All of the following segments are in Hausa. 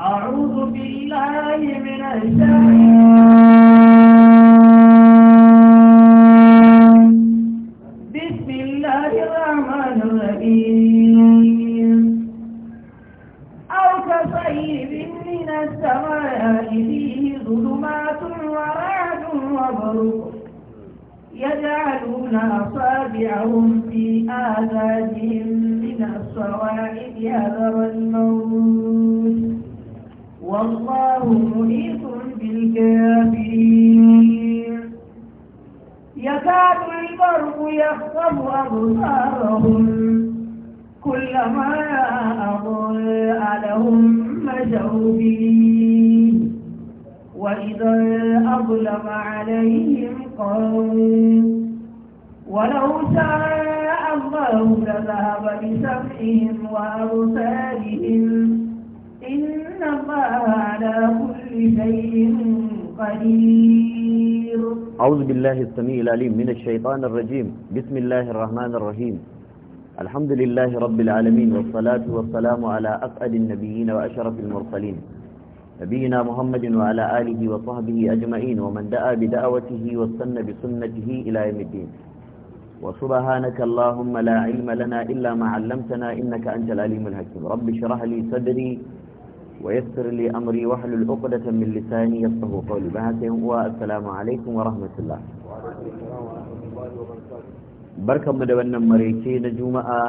أعوذ بالله من الشيطان بسم الله الرحمن الرحيم أو كصيب من السماء فيه ظلمات ورعد وبرق يجعلون أصابعهم في آذانهم من الصواعد هذا الموت والله محيط بالكافرين يكاد البرق يخطب أبصارهم كلما أضاء لهم مشوا به وإذا أظلم عليهم قاموا ولو شاء الله لذهب بسمعهم وأبصارهم على كل شيء قدير أعوذ بالله السميع العليم من الشيطان الرجيم بسم الله الرحمن الرحيم الحمد لله رب العالمين والصلاة والسلام على أسعد النبيين وأشرف المرسلين نبينا محمد وعلى آله وصحبه أجمعين ومن دعا بدعوته والسنة بسنته إلى يوم الدين وسبحانك اللهم لا علم لنا إلا ما علمتنا إنك أنت العليم الحكيم رب اشرح لي صدري ويسر لي أمري واحلل عقدة من لساني يفقه قولي بهاك والسلام عليكم ورحمة الله barkan mu da wannan maraice na juma'a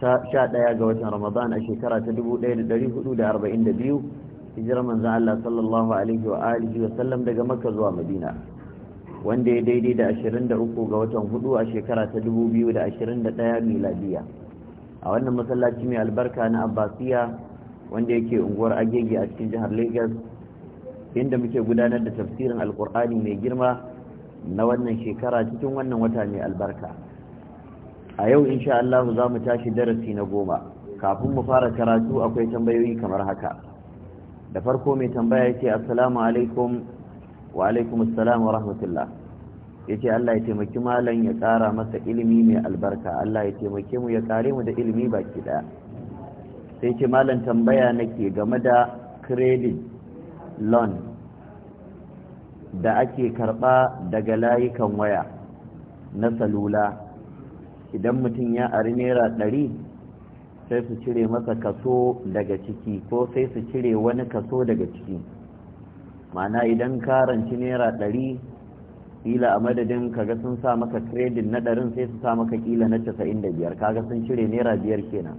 ta 11 ga watan ramadan a shekara ta 1442 hijirar manzon Allah sallallahu daga makka zuwa madina wanda ya daidai da 23 ga watan hudu a shekara ta 2021 miladiya a wannan masallaci mai albarka na abbasiya wanda yake unguwar agege a cikin jihar lagos inda muke gudanar da tafsirin alkur'ani mai girma na wannan shekara cikin wannan wata mai albarka a yau insha Allah za mu tashi darasi na goma kafin mu fara karatu akwai tambayoyi kamar haka da farko mai tambaya ce assalamu alaikum wa alaikum assalam wa rahmatullah ya ce Allah ya taimaki malam ya ƙara masa ilimi mai albarka Allah ya taimake mu ya kare mu da ilimi baki ɗaya sai ce malam tambaya nake game da credit loan da ake karba daga layukan waya na salula idan mutum ya ari naira ɗari sai su cire masa kaso daga ciki ko sai su cire wani kaso daga ciki mana idan karanci naira ɗari kila a madadin kaga sun sa maka kredit na ɗarin sai su sa maka kila na casa'in da biyar kaga sun cire naira biyar kenan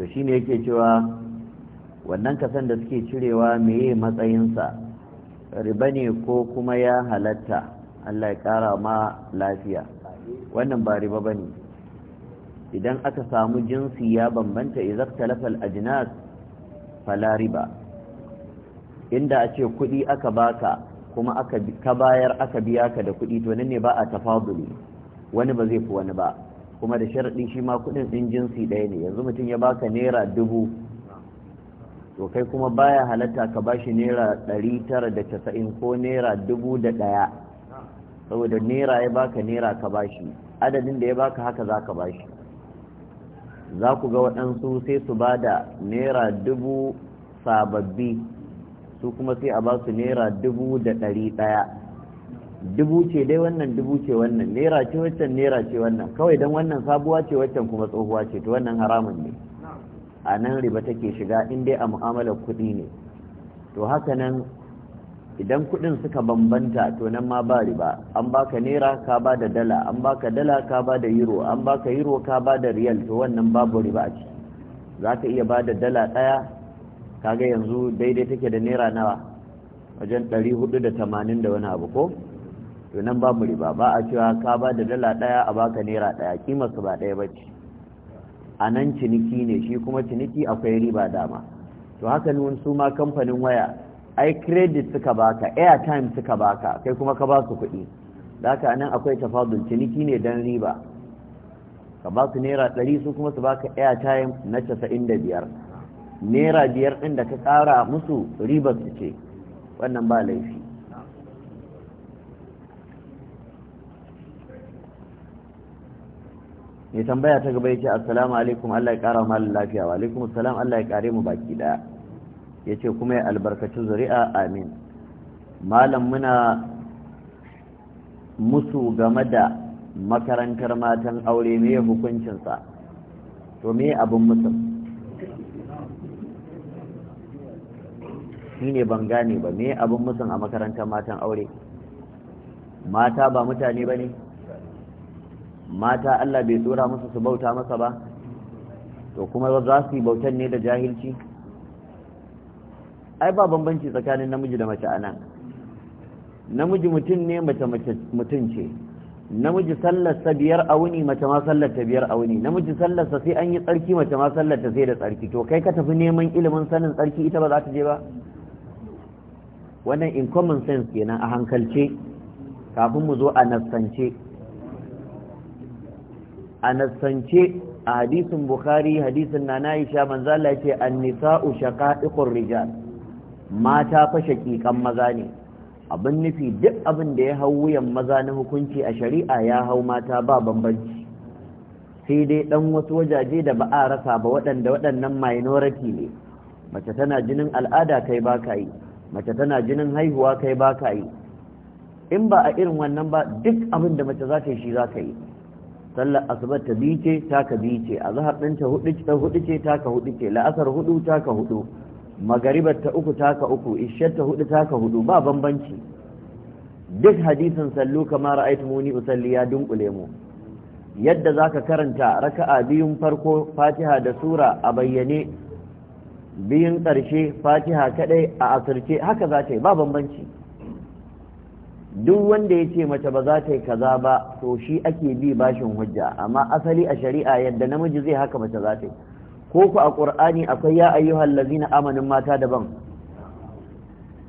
to shi ne yake cewa wannan kasan da suke cirewa meye matsayinsa riba ne ko kuma ya halatta Allah ya kara ma lafiya wannan ba riba bane idan aka samu jinsi ya bambanta izar talafal ajinas fala riba inda a ce kuɗi aka baka kuma aka ka bayar aka biya ka da kuɗi to nan ne ba a tafaduli wani ba zai fi wani ba kuma da sharaɗin shi ma kuɗin ɗin jinsi ɗaya ne yanzu mutum ya baka naira dubu to kai kuma baya halatta ka ba shi naira ɗari tara da casa'in ko naira dubu da ɗaya saboda naira ya baka naira ka ba shi adadin da ya baka haka za ka ba shi za ku ga waɗansu sai su ba da naira dubu sababbi su kuma sai a ba su naira dubu da ɗari ɗaya dubu ce dai wannan dubu ce wannan naira ce waccan naira ce wannan kawai don wannan sabuwa ce waccan kuma tsohuwa ce to wannan haramun ne a nan riba take shiga in dai a mu'amalar kuɗi ne to haka nan idan kuɗin suka bambanta to nan ma ba riba an baka naira ka ba da dala an baka dala ka ba da euro an baka euro ka ba da riyal to wannan babu riba ce za ka iya ba da dala ɗaya kaga yanzu daidai take da naira nawa wajen ɗari da tamanin da wani abu ko to nan babu riba ba a cewa ka ba da dala daya a baka naira daya kimar su ba daya ba ce a nan ciniki ne shi kuma ciniki akwai riba dama to haka nun su ma kamfanin waya ai credit suka baka airtime suka baka kai kuma ka ba su kuɗi da haka nan akwai tafadul ciniki ne dan riba ka ba su naira ɗari su kuma su baka airtime na casa'in da biyar naira biyar ɗin da ka ƙara musu ribar su ce wannan ba laifi mai tambaya ta gaba yace assalamu alaikum Allah ya kara mu lafiya wa alaikum assalam Allah ya kare mu baki daya yace kuma ya albarkaci zuri'a amin malam muna musu game da makarantar matan aure me hukuncin sa to me abin mutum shine ban gane ba me abin mutum a makarantar matan aure mata ba mutane bane ne mata Allah bai tsora musu su bauta masa ba to kuma za su yi bautan ne da jahilci ai ba bambanci tsakanin namiji da mace anan namiji mutum ne mace mace mutum ce namiji sa biyar a wuni mace ma sallarta biyar a wuni namiji sa sai an yi tsarki mace ma sallarta sai da tsarki to kai ka tafi neman ilimin sanin tsarki ita ba za ta je ba wannan in common sense kenan a hankalce kafin mu zo a nassance a nasance a hadisin bukhari hadisin na na isha manzo Allah yace an-nisa'u ikon rijal mata fa shakikan maza ne abin nufi duk abin da ya hau wuyan maza na hukunci a shari'a ya hau mata ba bambanci sai dai dan wasu wajaje da ba a rasa ba waɗanda waɗannan minority ne mace tana jinin al'ada kai ba ka yi mace tana jinin haihuwa kai ba ka yi in ba a irin wannan ba duk abin da mace za ta yi shi za ka yi sallar asubar ta biyu ce taka biyu ce ɗin ta hudu ta hudu ce taka hudu ce la'asar hudu taka hudu magaribar ta uku taka uku ishiyar ta hudu taka hudu ba bambanci duk hadisin sallu kamar muni usalli ya dunkule mu yadda za ka karanta raka'a biyun farko Fatiha da sura a bayyane biyun ƙarshe Fatiha kaɗai a asirce haka za ta yi ba bambanci duk wanda ya ce mace ba za ta yi kaza ba to shi ake bi bashin hujja amma asali a shari'a yadda namiji zai haka mace za ta yi ko ku a ƙur'ani akwai ya ayyuhal lazina amanin mata daban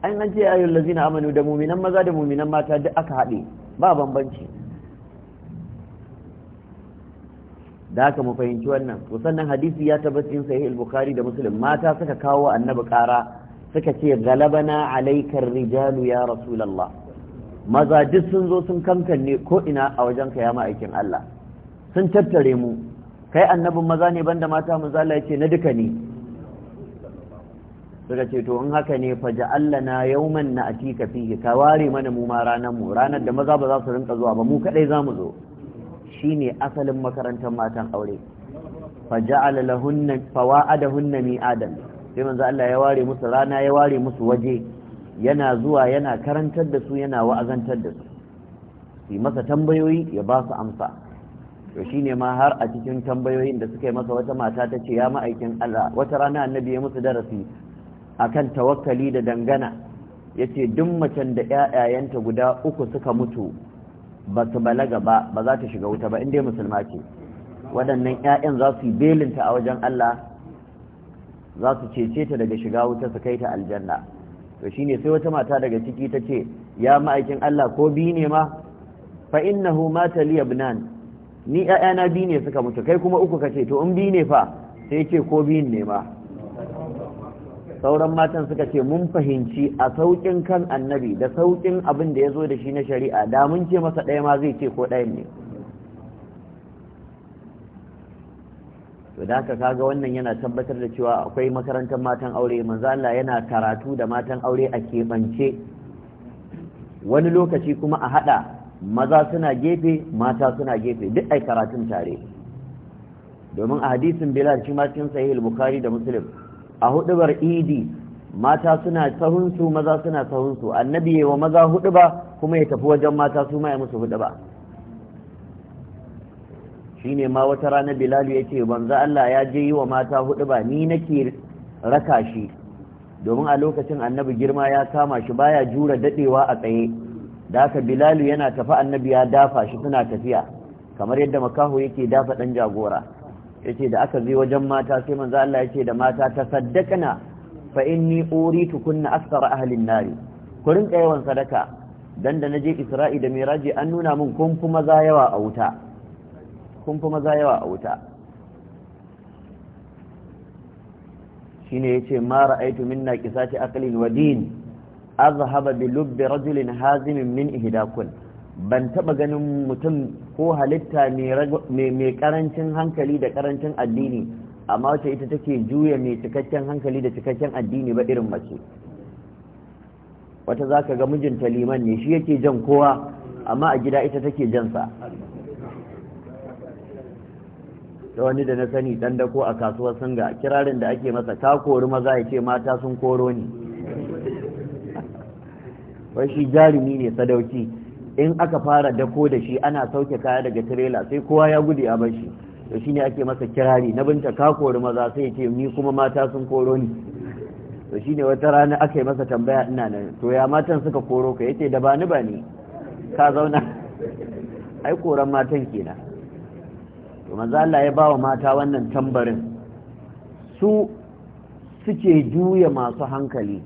an an ce ayyuhal lazina amanu da muminan maza da muminan mata duk aka haɗe ba bambanci da haka mu fahimci wannan to sannan hadisi ya tabbatin sahih al-bukhari da muslim mata suka kawo annabi ƙara suka ce galabana alaikar rijalu ya rasulullah maza duk sun zo sun kankanne ko ina a wajen ka ya ma'aikin Allah sun tattare mu kai annabin maza ne banda mata mu zala yace na duka ne suka ce to in haka ne fa ja'allana yawman atika fihi ka ware mana mu ma ranar mu ranar da maza ba za su rinka zuwa ba mu kadai za mu zo shine asalin makarantar matan aure fa ja'ala lahunna fawa'adahunna mi'adan sai manzo Allah ya ware musu rana ya ware musu waje yana zuwa yana karantar da su yana wa'azantar da su su masa tambayoyi ya ba su amsa to shine ma har a cikin tambayoyin da suka yi masa wata mata ta ce ya ma'aikin Allah wata rana annabi ya musu darasi akan tawakkali da dangana yace duk macen da ƴaƴayenta guda uku suka mutu ba su balaga ba ba za ta shiga wuta ba inda musulma ce waɗannan 'ya'yan za su yi belinta a wajen Allah za su cece ta daga shiga wuta su kai ta aljanna to ne sai wata mata daga ciki ta ce ya ma'aikin Allah ko bi ne ma fa innahu mata liya binan ni ƴaƴana bi ne suka mutu kai kuma uku kace to in bi ne fa sai ce ko biyin ne ma sauran matan suka ce mun fahimci a sauƙin kan annabi da sauƙin abin da ya zo da shi na shari'a da mun ce masa ɗaya ma zai ce ko ɗayan ne to da haka kaga wannan yana tabbatar da cewa akwai makarantar matan aure manzo Allah yana karatu da matan aure a kebance wani lokaci kuma a hada maza suna gefe mata suna gefe duk ai karatun tare domin a hadisin bilal shi ma cikin sahih al-bukhari da muslim a hudubar idi mata suna sahunsu maza suna sahunsu annabi yayi wa maza hudu ba kuma ya tafi wajen mata su ma ya musu hudu ba shine ma wata rana Bilal ya ce banza Allah ya je yi wa mata hudu ba ni nake raka shi domin a lokacin annabi girma ya kama shi baya jura dadewa a tsaye da haka bilalu yana tafi annabi ya dafa shi suna tafiya kamar yadda makaho yake dafa dan jagora yace da aka je wajen mata sai manzo Allah yace da mata ta fa inni uritu kunna akthar ahli an-nar ku rinka yawan sadaka dan da naje Isra'i da Miraji an nuna min kun kuma za yawa a wuta kun fi maza yawa a wuta shi shine yace mara ra'aytu minna qisati aqlin wa din azhaba da lubbe rajulin hazimin min ihdakun ban taba ganin mutum ko halitta mai karancin hankali da karancin addini amma wacce ita take juya mai cikakken hankali da cikakken addini ba irin mace wata za ka ga mijinta liman ne shi yake jan kowa amma a gida ita take jansa da wani da na sani dan dako a kasuwar singa kirarin da ake masa ka kori maza ya ce mata sun koro ni wai shi jarumi ne sadauki in aka fara dako da shi ana sauke kaya daga tirela sai kowa ya gudu a bashi shi to shine ake masa kirari na binta ka kori maza sai ya ce ni kuma mata sun koro ni to shine wata rana aka yi masa tambaya ina nan to ya matan suka koro ka yace da ba ni ka zauna ai koran matan kenan to manzo Allah ya bawa mata wannan tambarin su suke juya masu hankali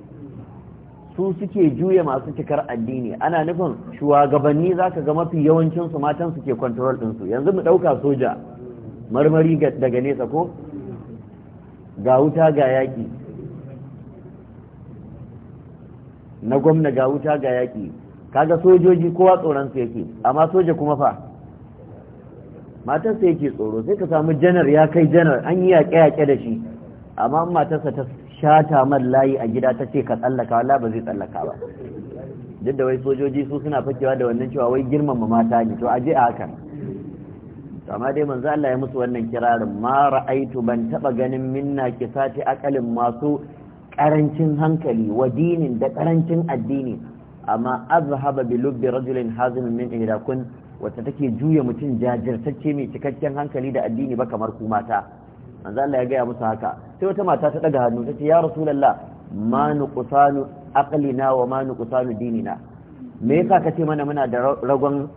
su suke juya masu cikar addini ana nufin shugabanni zaka ga mafi yawancin su matan suke control din su yanzu mu dauka soja marmari daga nesa ko ga wuta ga yaki na gwamna ga wuta ga yaki kaga sojoji kowa tsoron su yake amma soja kuma fa matarsa yake tsoro sai ka samu janar ya kai janar an yi yaƙe-yaƙe da shi amma matarsa ta shata man layi a gida ta ce ka tsallaka wala ba zai tsallaka ba duk da wai sojoji su suna fakewa da wannan cewa wai girmama mata ne to aje a hakan amma dai manzo Allah ya musu wannan kirarin ma ra'aitu ban taba ganin minna kisati akalin masu karancin hankali wa dinin da karancin addini amma azhaba bi lubbi rajulin hazimin min kun wacce take juya mutum jajirtacce mai cikakken hankali da addini ba kamar ku mata manzo Allah ya gaya musu haka sai wata mata ta daga hannu tace ya rasulullah ma nuqsanu aqlina wa ma nuqsanu dinina me yasa kace mana muna da ragon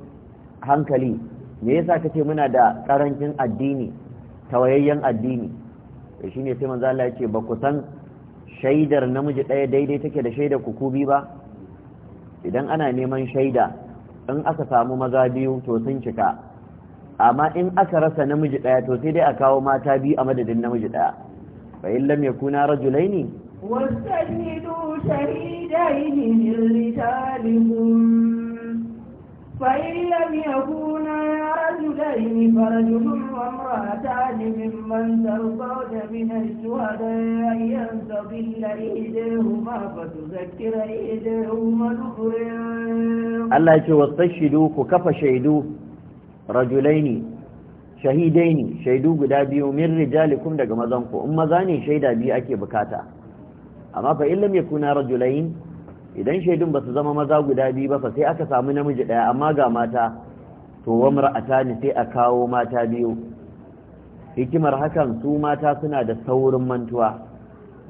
hankali me yasa kace muna da karancin addini tawayayyen addini to shine sai manzo Allah ya ce ba ku san shaidar namiji ɗaya daidai take da shaidar kukubi ba idan ana neman shaida in aka samu maza biyu to sun cika amma in aka rasa namiji daya to sai dai a kawo mata biyu a madadin namiji daya fa in lam yakuna rajulaini wastajidu shahidaini min rijalikum fa in lam yakuna رجلين فرجل وامرأتان ممن ترضون من الشهداء أن تضل إحداهما فتذكر إحداهما الأخرى الله يقول واستشهدوا كف شهدوا رجلين shahidai ne shaidu guda biyu min rijalikum daga mazanku in maza ne shaida biyu ake bukata amma fa illam yakuna rajulain idan shaidun basu zama maza guda biyu ba fa sai aka samu namiji daya amma ga mata to wa tani sai a kawo mata biyu hikimar hakan su mata suna da saurin mantuwa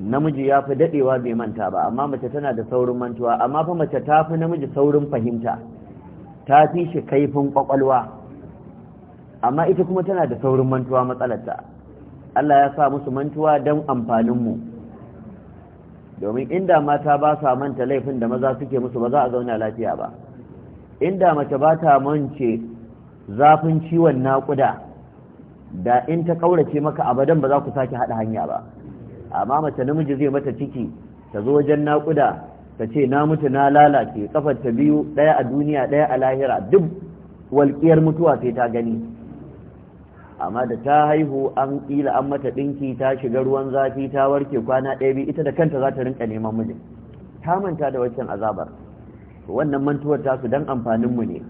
namiji ya fi dadewa bai manta ba amma mace tana da saurin mantuwa amma fa mace ta fi namiji saurin fahimta ta fi shi kaifin kwakwalwa amma ita kuma tana da saurin mantuwa matsalarta Allah ya sa musu mantuwa don amfaninmu domin inda mata ba sa manta laifin da maza suke musu ba za a zauna lafiya ba inda mace ba ta mance zafin ciwon naƙuda da in ta ƙaurace maka abadan ba za ku sake haɗa hanya ba amma mace namiji zai mata ciki ta zo wajen naƙuda ta ce na mutu na lalace Ƙafar ta biyu ɗaya a duniya ɗaya a lahira duk walƙiyar mutuwa sai ta gani amma da ta haihu an ƙila an mata ɗinki ta shiga ruwan zafi ta warke kwana ɗaya biyu ita da kanta za ta rinka neman mijin ta manta da waccan azabar wannan mantuwar tasu don amfaninmu ne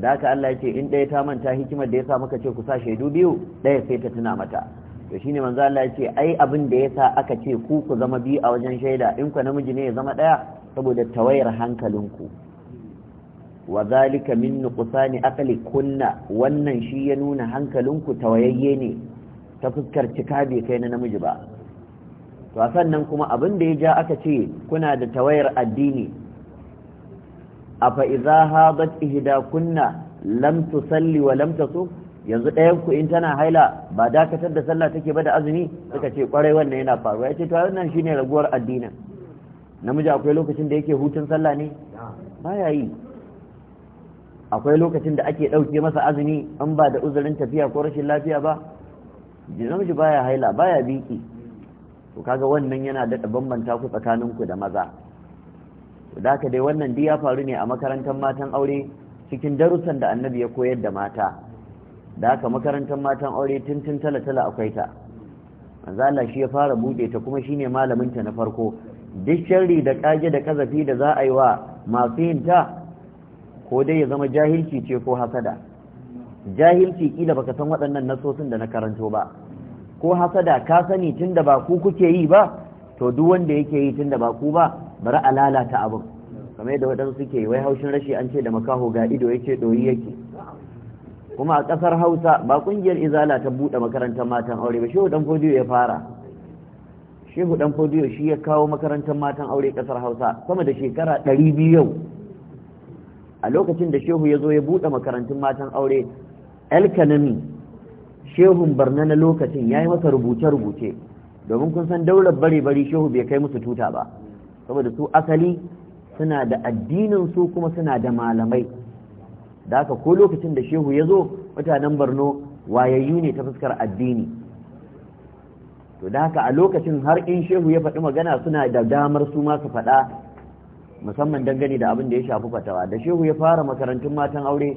da haka Allah ya ce in ɗaya ta manta hikimar da ya sa maka ce ku sa shaidu biyu ɗaya sai ta tuna mata to shine manzo Allah ya ce ai abin da yasa aka ce ku ku zama biyu a wajen shaida in ku namiji ne ya zama ɗaya saboda tawayar hankalinku wa zalika min nuqsani aqli kunna wannan shi ya nuna hankalinku tawayayye ne ta fuskar cika bai kai na namiji ba to sannan kuma abin da ya ja aka ce kuna da tawayar addini afa idza hadat ihda kunna lam tusalli wa lam tasu yanzu ɗayan ku in tana haila ba dakatar da sallah take ba da azumi suka ce kwarai wannan yana faruwa yace to wannan shine raguwar addinin namiji akwai lokacin da yake hutun sallah ne baya yi akwai lokacin da ake ɗauke masa azumi in ba da uzurin tafiya ko rashin lafiya ba namiji baya haila baya biki to kaga wannan yana da bambanta ku tsakanin ku da maza da dai wannan duk ya faru ne a makarantar matan aure cikin darussan da annabi ya koyar da mata da haka makarantar matan aure tuntun talatala akwai ta manzo shi ya fara bude ta kuma shine malamin ta na farko duk sharri da kage da kazafi da za a yi wa masu yin ta ko dai ya zama jahilci ce ko hasada jahilci kila baka san waɗannan nasosin da na karanto ba ko hasada ka sani tunda ba ku kuke yi ba to duk wanda yake yi tunda ba ku ba bari a lalata abin kamar yadda waɗansu suke wai haushin rashi an ce da makaho ga ido ya ce ɗoyi yake kuma a ƙasar hausa ba ƙungiyar izala ta buɗe makarantar matan aure ba shehu ɗan fodiyo ya fara shehu ɗan fodiyo shi ya kawo makarantar matan aure ƙasar hausa sama da shekara ɗari biyu yau a lokacin da shehu ya zo ya buɗe makarantun matan aure elkanami shehun barna na lokacin ya yi masa rubuce-rubuce domin kun san daular bare bare shehu bai kai musu tuta ba saboda su asali suna da addinin su kuma suna da malamai da haka ko lokacin da shehu ya zo mutanen barno wayayyu ne ta fuskar addini to da haka a lokacin har in shehu ya faɗi magana suna da damar su ma faɗa musamman dangane da abin da ya shafi fatawa da shehu ya fara makarantun matan aure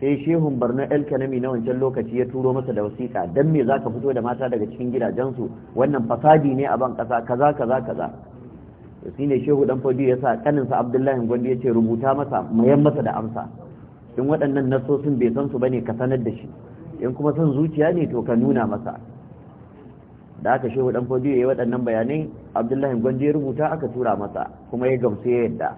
sai shehun barno el kanami na wancan lokaci ya turo masa da wasiƙa Dan me za ka fito da mata daga cikin gidajensu wannan fasadi ne a ban ƙasa kaza kaza kaza shi ne shehu dan fadi ya sa kaninsa abdullahi gwandi ya ce rubuta masa mayan masa da amsa in waɗannan nasosin bai san su bane ka sanar da shi in kuma son zuciya ne to ka nuna masa da aka shehu dan fadi ya yi waɗannan bayanai abdullahi gwandi ya rubuta aka tura masa kuma ya gamsu ya yadda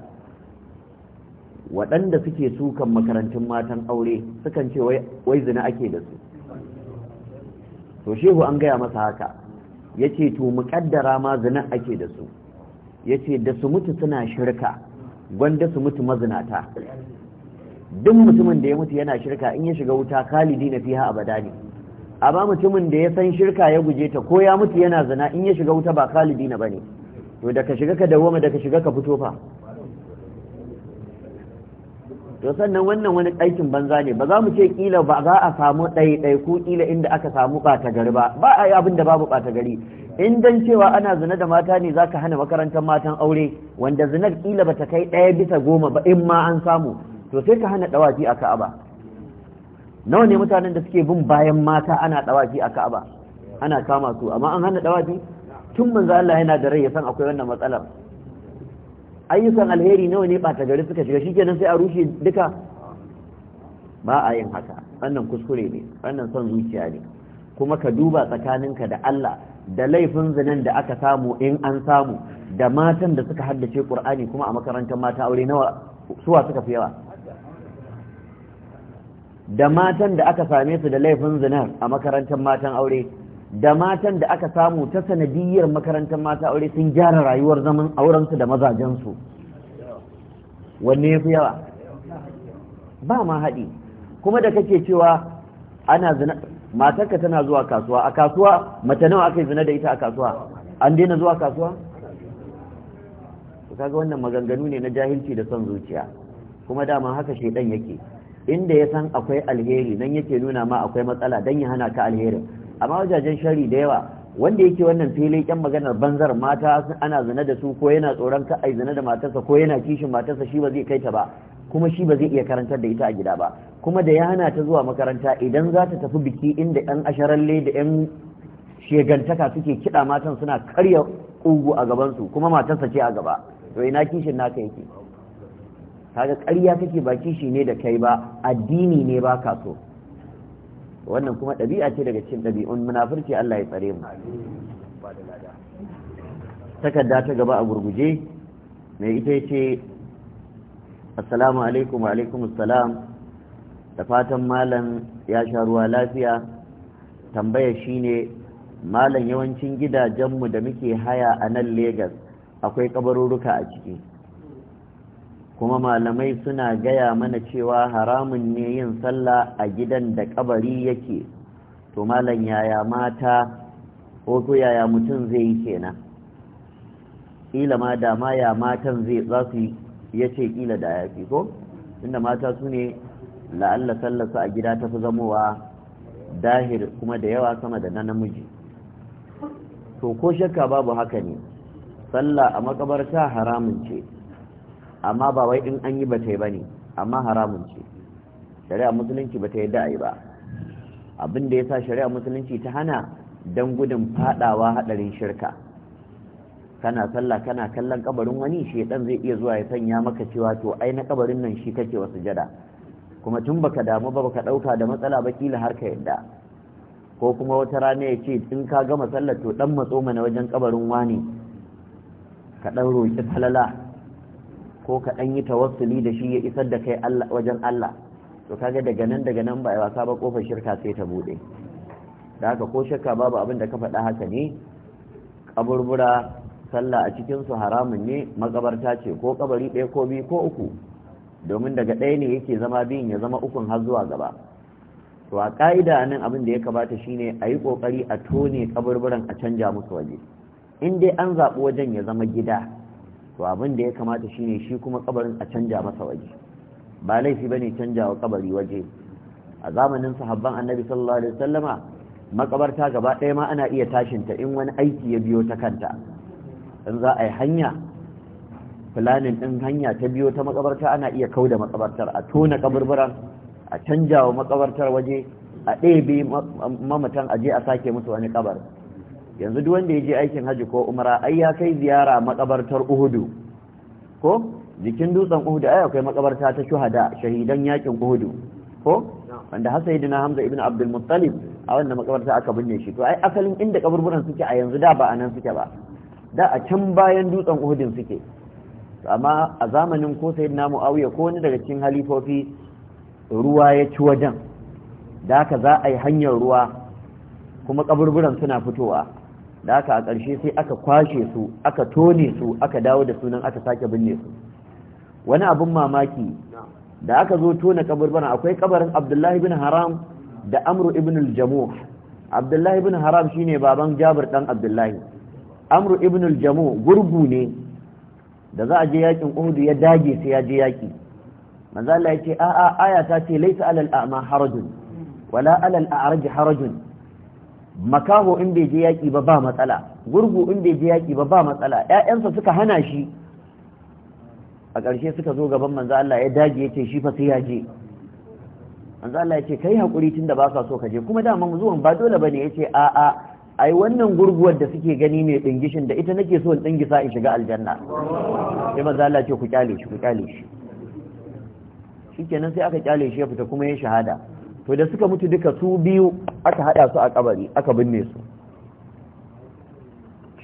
waɗanda suke sukan makarantun matan aure sukan ce wai zina ake da su to shehu an gaya masa haka yace ce to muƙaddara ma zina ake da su yace da su mutu suna shirka gwanda su mutu mazinata duk mutumin da ya mutu yana shirka in ya shiga wuta kalidi na fiha abada ne ba mutumin da ya san shirka ya guje ta ko ya mutu yana zina in ya shiga wuta ba kalidi na bane to da ka shiga ka dawoma da ka shiga ka fito fa to sannan wannan wani aikin banza ne ba za mu ce kila ba za a samu ɗaiɗaiku kila inda aka samu ɓata gari ba ba a yi abin da babu ɓata gari in dan cewa ana zina da mata ne zaka hana makarantar matan aure wanda zinar kila bata kai ɗaya bisa goma ba in ma an samu to sai ka hana dawaki a Ka'aba nawa ne mutanen da suke bin bayan mata ana dawaki a Ka'aba ana kama su amma an hana dawaki tun manzo Allah yana da rai ya san akwai wannan matsalar ayyukan alheri nawa ne ɓata gari suka shiga shikenan sai a rushe duka ba a yin haka wannan kuskure ne wannan son zuciya ne kuma ka duba tsakaninka da Allah da laifin zinin da aka samu in an samu da matan da suka haddace ƙur'ani kuma a makarantar mata aure nawa suwa suka fi yawa da matan da aka same su da laifin zinar a makarantar matan aure da matan da aka samu ta sanadiyyar makarantar mata aure sun gyara rayuwar zaman aurensu da mazajensu wanne ya fi yawa ba ma haɗi kuma da kake cewa ana zina matarka tana zuwa kasuwa a kasuwa mace nawa aka yi zina da ita a kasuwa an daina zuwa kasuwa ga wannan maganganu ne na jahilci da son zuciya kuma dama haka shedan yake inda ya san akwai alheri nan yake nuna ma akwai matsala dan ya hana ka alherin amma wajajen shari da yawa wanda yake wannan fili kyan maganar banzar mata ana zina da su ko yana tsoron ka ai zina da matarsa ko yana kishin matarsa shi ba zai kai ta ba kuma shi ba zai iya karantar da ita a gida ba kuma da ya hana ta zuwa makaranta idan za ta tafi biki inda yan asharalle da yan shegantaka suke kiɗa matan suna karya ƙugu a gabansu kuma matarsa ce a gaba to ina kishin naka yake kaga ƙarya kake ba kishi ne da kai ba addini ne ba ka so wannan kuma ɗabi'a ce daga cikin ɗabi'un munafurci Allah ya tsare mu takarda ta gaba a gurguje mai ita ce assalamu alaikum wa alaikum assalam da fatan malam ya sha ruwa lafiya tambaya shine malam yawancin gidajenmu da muke haya a nan Legas akwai kabaruruka a ciki kuma malamai suna gaya mana cewa haramun ne yin sallah a gidan da kabari yake to malam yaya mata ko yaya mutum zai yi kenan Ila ma da ma ya matan zai za su ya ce kila da ya ko inda mata su ne la'alla sallasa a gida ta fi zamowa dahir kuma da yawa sama da na namiji to ko shakka babu haka ne sallah a makabarta haramun ce amma ba wai in an yi ba ta yi ba ne amma haramun ce shari'a musulunci ba ta yi da'ai ba abin da ya sa shari'a musulunci ta hana don gudun fadawa hadarin shirka kana sallah kana kallon kabarin wani shedan zai iya zuwa ya sanya maka cewa to ai na kabarin nan shi kake wa sujada kuma tun baka damu ba baka dauka da matsala ba kila har ka yadda ko kuma wata rana ya ce in ka gama sallah to dan matso mana wajen kabarin wani ka dan roki falala ko ka dan yi tawassuli da shi ya isar da kai Allah wajen Allah to kaga daga nan daga nan ba wasa ba kofar shirka sai ta bude da haka ko shakka babu abin da ka faɗa haka ne kaburbura sallah a cikinsu haramun ne makabarta ce ko kabari ɗaya ko biyu ko uku domin daga ɗaya ne yake zama biyun ya zama ukun har zuwa gaba to a ƙa'ida nan abin da ya kamata shine a yi ƙoƙari a tone kaburburan a canja musu waje in dai an zaɓi wajen ya zama gida to abin da ya kamata shine shi kuma kabarin a canja masa waje ba laifi bane canja wa kabari waje a zamanin sahabban annabi sallallahu alaihi wasallama makabarta gaba ɗaya ma ana iya tashinta in wani aiki ya biyo ta kanta in za a yi hanya filanin ɗin hanya ta biyo ta makabarta ana iya kau da makabartar a tona kaburburan a canja wa makabartar waje a ɗebe mamatan aje a sake musu wani kabar yanzu duk wanda ya je aikin hajji ko umara ai ya kai ziyara makabartar uhudu ko jikin dutsen uhudu ai akwai makabarta ta shuhada shahidan yakin uhudu ko wanda har na hamza ibn abdul muttalib a wannan makabarta aka binne shi to ai asalin inda kaburburan suke a yanzu da ba a nan suke ba da a can bayan dutsen uhudin suke amma a zamanin ko sai na mu'awiya ko wani daga cikin halifofi ruwa ya ci wajen da haka za a yi hanyar ruwa kuma kaburburan suna fitowa da haka a ƙarshe sai aka kwashe su aka tone su aka dawo da sunan aka sake binne su wani abin mamaki da aka zo tona kaburburan akwai kabarin abdullahi bin haram da amru ibn al-jamuh abdullahi bin haram shine baban jabir dan abdullahi amru Ibnul al-jamu gurgu ne da za a je yakin uhud ya dage sai ya je yaki manzo Allah yace a a aya ta ce laysa alal a'ma harajun wala alal a'raj harajun makaho in bai je yaki ba ba matsala gurgu in bai je yaki ba ba matsala ƴaƴansa suka hana shi a ƙarshe suka zo gaban manzo Allah ya dage yace shi fa sai ya je manzo Allah yace kai hakuri tunda ba ka so ka je kuma da mun zuwan ba dole bane yace a a ai wannan gurguwar da suke gani mai dingishin da ita nake so in dingisa in shiga aljanna sai manzo Allah ce ku kyale shi ku kyale shi shikenan sai aka kyale shi ya fita kuma ya shahada to da suka mutu duka su biyu aka hada su a kabari aka binne su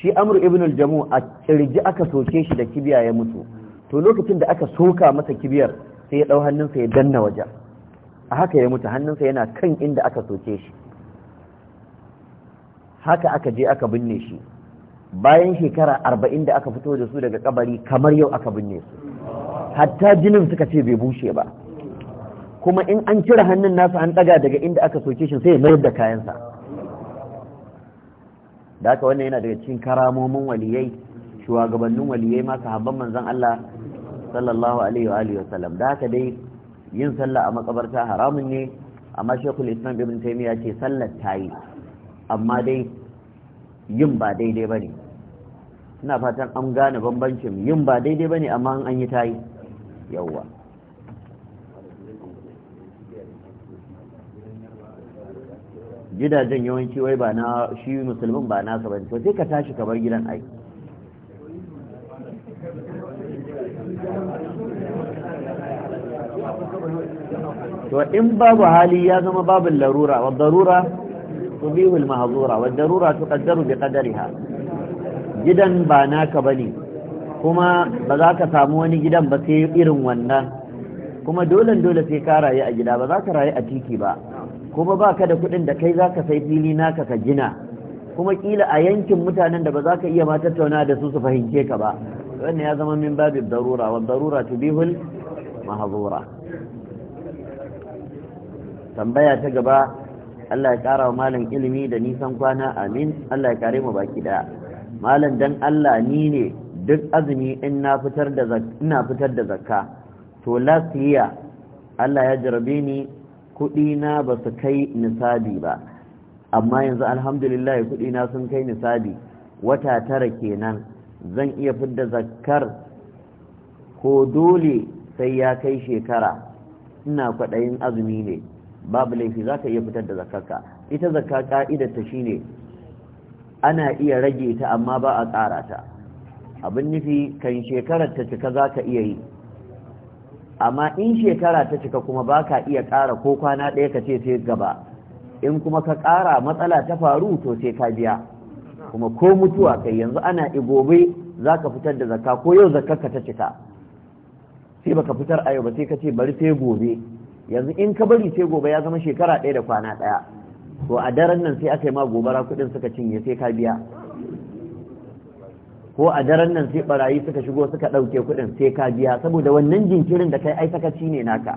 shi amru ibn al-jamu a kirji aka soke shi da kibiya ya mutu to lokacin da aka soka masa kibiyar sai ya dau hannunsa ya danna waje a haka ya mutu hannunsa yana kan inda aka soke shi haka aka je aka binne shi bayan shekara arba'in da aka fito da su daga kabari kamar yau aka binne su hatta jinin suka ce bai bushe ba kuma in an cire hannun nasu an ɗaga daga inda aka soke shi sai mayar da kayansa da haka wannan yana daga cikin karamomin waliyai shugabannin waliyai ma sahabban manzon Allah sallallahu alaihi wa alihi da haka dai yin sallah a makabarta haramun ne amma shekul islam ibn taymiya ce sallar tayi amma dai yin ba daidai ba ne ina fatan an gane bambancin yin ba daidai ba ne amma an yi tayi yauwa gidajen yawanci wai ba na shi musulmin ba na ba ne sai ka tashi ka bar gidan ai to in babu hali ya zama babin larura wa darura tubihul mahzura wa darura tuqaddaru bi qadariha gidan ba naka bane kuma ba za ka samu wani gidan ba sai irin wannan kuma dole dole sai ka rayu a gida ba za ka rayu a titi ba kuma ba ka da kuɗin da kai za ka sai fili naka ka gina kuma kila a yankin mutanen da ba za ka iya ma tattauna da su su fahimce ka ba wannan ya zama min babu darura wa darura bihul mahzura tambaya ta gaba Allah ya karawa wa malam ilimi da nisan kwana amin Allah ya kare mu baki daya malam dan Allah ni ne duk azumi in na fitar da ina fitar da zakka to last year Allah ya jarabe ni kuɗi na ba su kai nisabi ba amma yanzu alhamdulillah kuɗi na sun kai nisabi wata tara kenan zan iya fidda zakkar ko dole sai ya kai shekara ina kwaɗayin azumi ne babu laifi za ka iya fitar da zakarka ita ka'ida ta shine ana iya rage ta amma ba a tsara ta abin nufi kan shekarar ta cika za ka iya yi amma in shekara ta cika kuma ba ka iya ƙara ko kwana ɗaya ka ce sai gaba in kuma ka ƙara matsala ta faru to sai ka biya kuma ko mutuwa kai yanzu ana igobe za ka fitar da zakka ko yau zakarka ta cika sai baka fitar a yau ba sai ka ce bari sai gobe yanzu in ka bari sai gobe ya zama shekara ɗaya da kwana ɗaya to a daren nan sai aka yi ma gobara kuɗin suka cinye sai ka biya ko a daren nan sai barayi suka shigo suka ɗauke kuɗin sai ka biya saboda wannan jinkirin da kai ai sakaci ne naka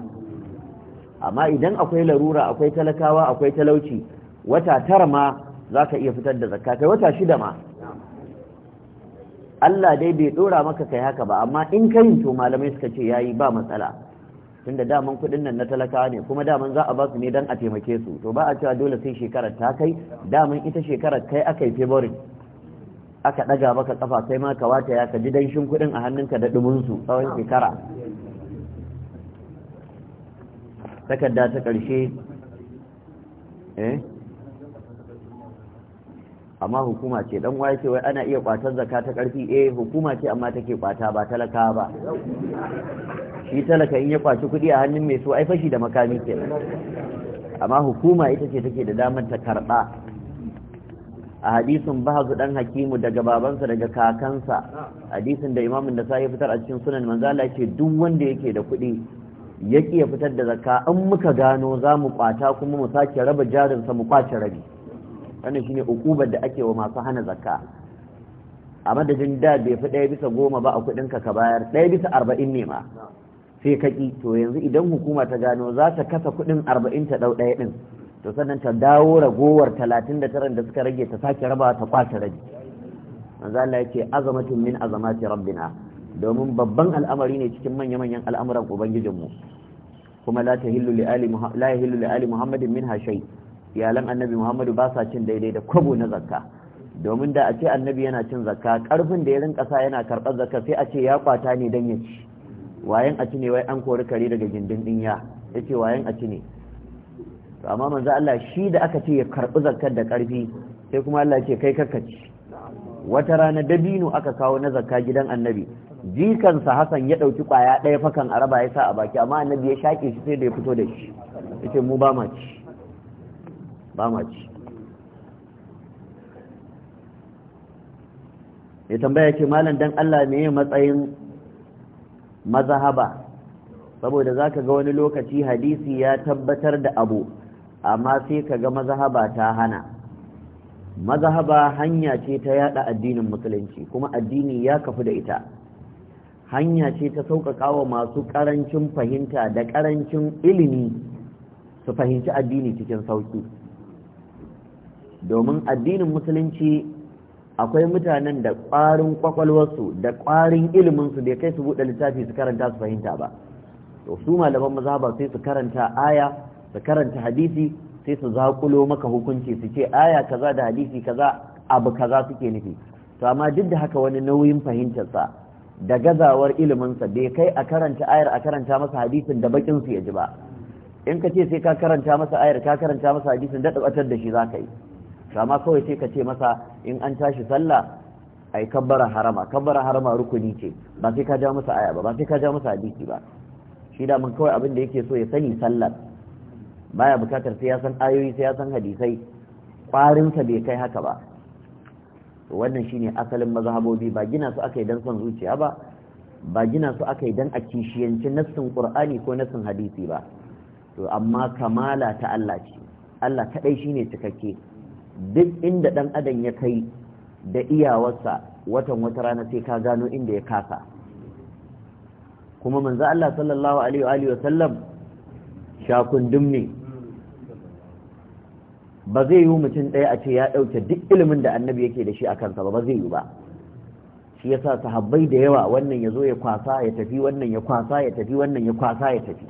amma idan akwai larura akwai talakawa akwai talauci wata tara ma za ka iya fitar da zakka kai wata shida ma Allah dai bai ɗora maka kai haka ba amma in ka yin to malamai suka ce ya yi ba matsala tunda daman kuɗin nan na talakawa ne kuma daman za a ba su ne dan a taimake su to ba a cewa dole sai shekarar ta kai daman ita shekarar kai aka yi aka ɗaga maka kafa kai ma ka wata ya ka ji danshin kuɗin a hannunka da ɗumunsu tsawon shekara takarda ta ƙarshe eh amma hukuma ce dan waye ce wai ana iya kwatar zakka ta karfi eh hukuma ce amma take kwata ba talaka ba shi talaka in ya kwaci kudi a hannun mai so ai fashi da makami kenan amma hukuma ita ce take da damar ta karba a hadisin bahazu dan hakimu daga babansa daga kakansa hadisin da imamin da sai fitar a cikin sunan manzala ce duk wanda yake da kudi yake ya fitar da zakka an muka gano za mu kwata kuma mu sake raba jarin sa mu kwace rabi wannan shine ukubar da ake wa masu hana zakka a madadin da bai fi ɗaya bisa goma ba a kuɗin ka bayar ɗaya bisa arba'in ne ma sai ka ƙi to yanzu idan hukuma ta gano za ta kasa kuɗin arba'in ta ɗau ɗaya ɗin to sannan ta dawo ragowar talatin da taran da suka rage ta sake raba ta kwace rabi manzo Allah yake azamatun min azamati rabbina domin babban al'amari ne cikin manya-manyan al'amuran ubangijinmu kuma la tahillu li ali la yahillu li ali muhammadin iyalan annabi muhammadu ba sa cin daidai da kwabo na zakka domin da a ce annabi yana cin zakka karfin da ya rinka sa yana karɓar zakka sai a ce ya kwata ne don ya ci wayan a ci ne wai an kori kare daga gindin dinya ya ce wayan a ci ne to amma manzo Allah shi da aka ce ya karɓi zakkar da karfi sai kuma Allah ce kai karka ci. wata rana dabino aka kawo na zakka gidan annabi jikansa Hassan ya ɗauki kwaya ɗaya fakan araba ya sa a baki amma annabi ya shaƙe shi sai da ya fito da shi yace mu ba ma ci ba ma ci ya tambaya ce malam dan Allah ne matsayin mazahaba saboda zaka ga wani lokaci hadisi ya tabbatar da abu amma sai ka ga mazahaba ta hana mazahaba hanya ce ta yada addinin musulunci kuma addini ya kafu da ita hanya ce ta sauƙaƙa wa masu ƙarancin fahimta da ƙarancin ilimi su fahimci addini cikin sauƙi domin addinin musulunci akwai mutanen da ƙwarin kwakwalwarsu da ƙwarin iliminsu bai kai su buɗe littafi su karanta su fahimta ba to su malaman mazhaba sai su karanta aya su karanta hadisi sai su zaƙulo maka hukunci su ce aya kaza da hadisi kaza abu kaza suke nufi to amma duk da haka wani nauyin fahimtarsa da gazawar iliminsa bai kai a karanta ayar a karanta masa hadisin da bakin su ya ji ba in ka ce sai ka karanta masa ayar ka karanta masa hadisin da tabbatar da shi za ka yi amma kawai sai ka ce masa in an tashi sallah ai kabbara harama kabbara harama rukuni ce ba sai ka ja masa aya ba ba sai ka ja masa hadisi ba shi da mun kawai abin da yake so ya sani sallar baya bukatar sai ya san ayoyi sai ya san hadisai kwarinsa bai kai haka ba wannan shine asalin mazhabobi ba gina su akai dan son zuciya ba ba gina su akai dan a kishiyanci nassin qur'ani ko nassin hadisi ba to amma kamala ta Allah ce Allah kadai shine cikakke duk inda ɗan adam ya kai da iyawarsa watan wata rana sai ka gano inda ya kasa kuma manzo Allah sallallahu alaihi wa sallam shakundum ne ba zai yi mutum ɗaya a ce ya ɗauke duk ilimin da annabi yake da shi a kansa ba ba zai yi ba shi yasa sahabbai da yawa wannan ya zo ya kwasa ya tafi wannan ya kwasa ya tafi wannan ya kwasa ya tafi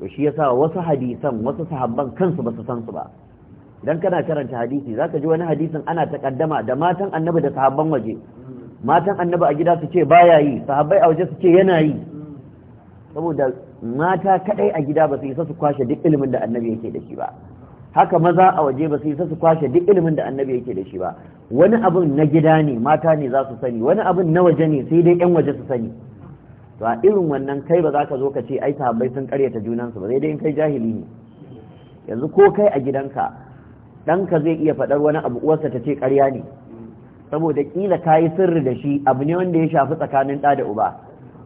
to shi yasa wasu hadisan wasu sahabban kansu ba su san su ba idan kana karanta hadisi zaka ji wani hadisin ana takaddama da matan annabi da sahabban waje matan annabi a gida su ce baya yi sahabbai a waje su ce yana yi saboda mata kadai a gida ba su isa su kwashe duk ilimin da annabi yake da shi ba haka maza a waje ba su isa su kwashe duk ilimin da annabi yake da shi ba wani abun na gida ne mata ne za su sani wani abun na waje ne sai dai yan waje su sani to a irin wannan kai ba za ka zo ka ce ai sahabbai sun karyata junansu ba sai dai kai jahili ne yanzu ko kai a gidanka ɗanka zai iya faɗar wani abu uwarsa ta ce ƙarya ne saboda kila ka yi sirri da shi abu ne wanda ya shafi tsakanin ɗa da uba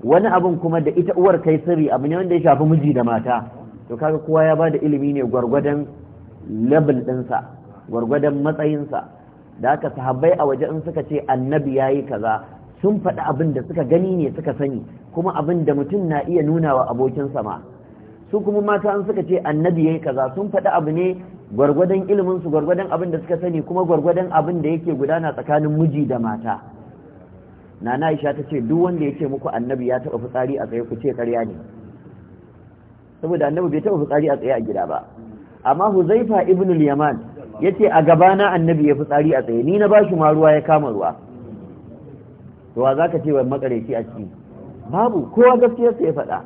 wani abun kuma da ita uwar kai sirri abu ne wanda ya shafi miji da mata to kaga kowa ya ba da ilimi ne gwargwadon level ɗinsa gwargwadon matsayinsa da haka sahabbai a waje in suka ce annabi ya yi kaza sun faɗi abin da suka gani ne suka sani kuma abin da mutum na iya nuna wa abokinsa ma su kuma mata an suka ce annabi yayi kaza sun faɗi abu ne gwargwadon ilimin su gwargwadon abin da suka sani kuma gwargwadon abin da yake gudana tsakanin miji da mata nana Aisha ta ce duk wanda yake muku annabi ya taɓa fitsari a tsaye ku ce ƙarya ne saboda annabi bai taɓa fitsari a tsaye a gida ba amma Huzaifa ibn al-Yaman yace a gabana annabi ya fitsari a tsaye ni na bashi ma ruwa ya kama ruwa to wa za ka ce wa makareci a ciki babu kowa gaskiyarsa ya faɗa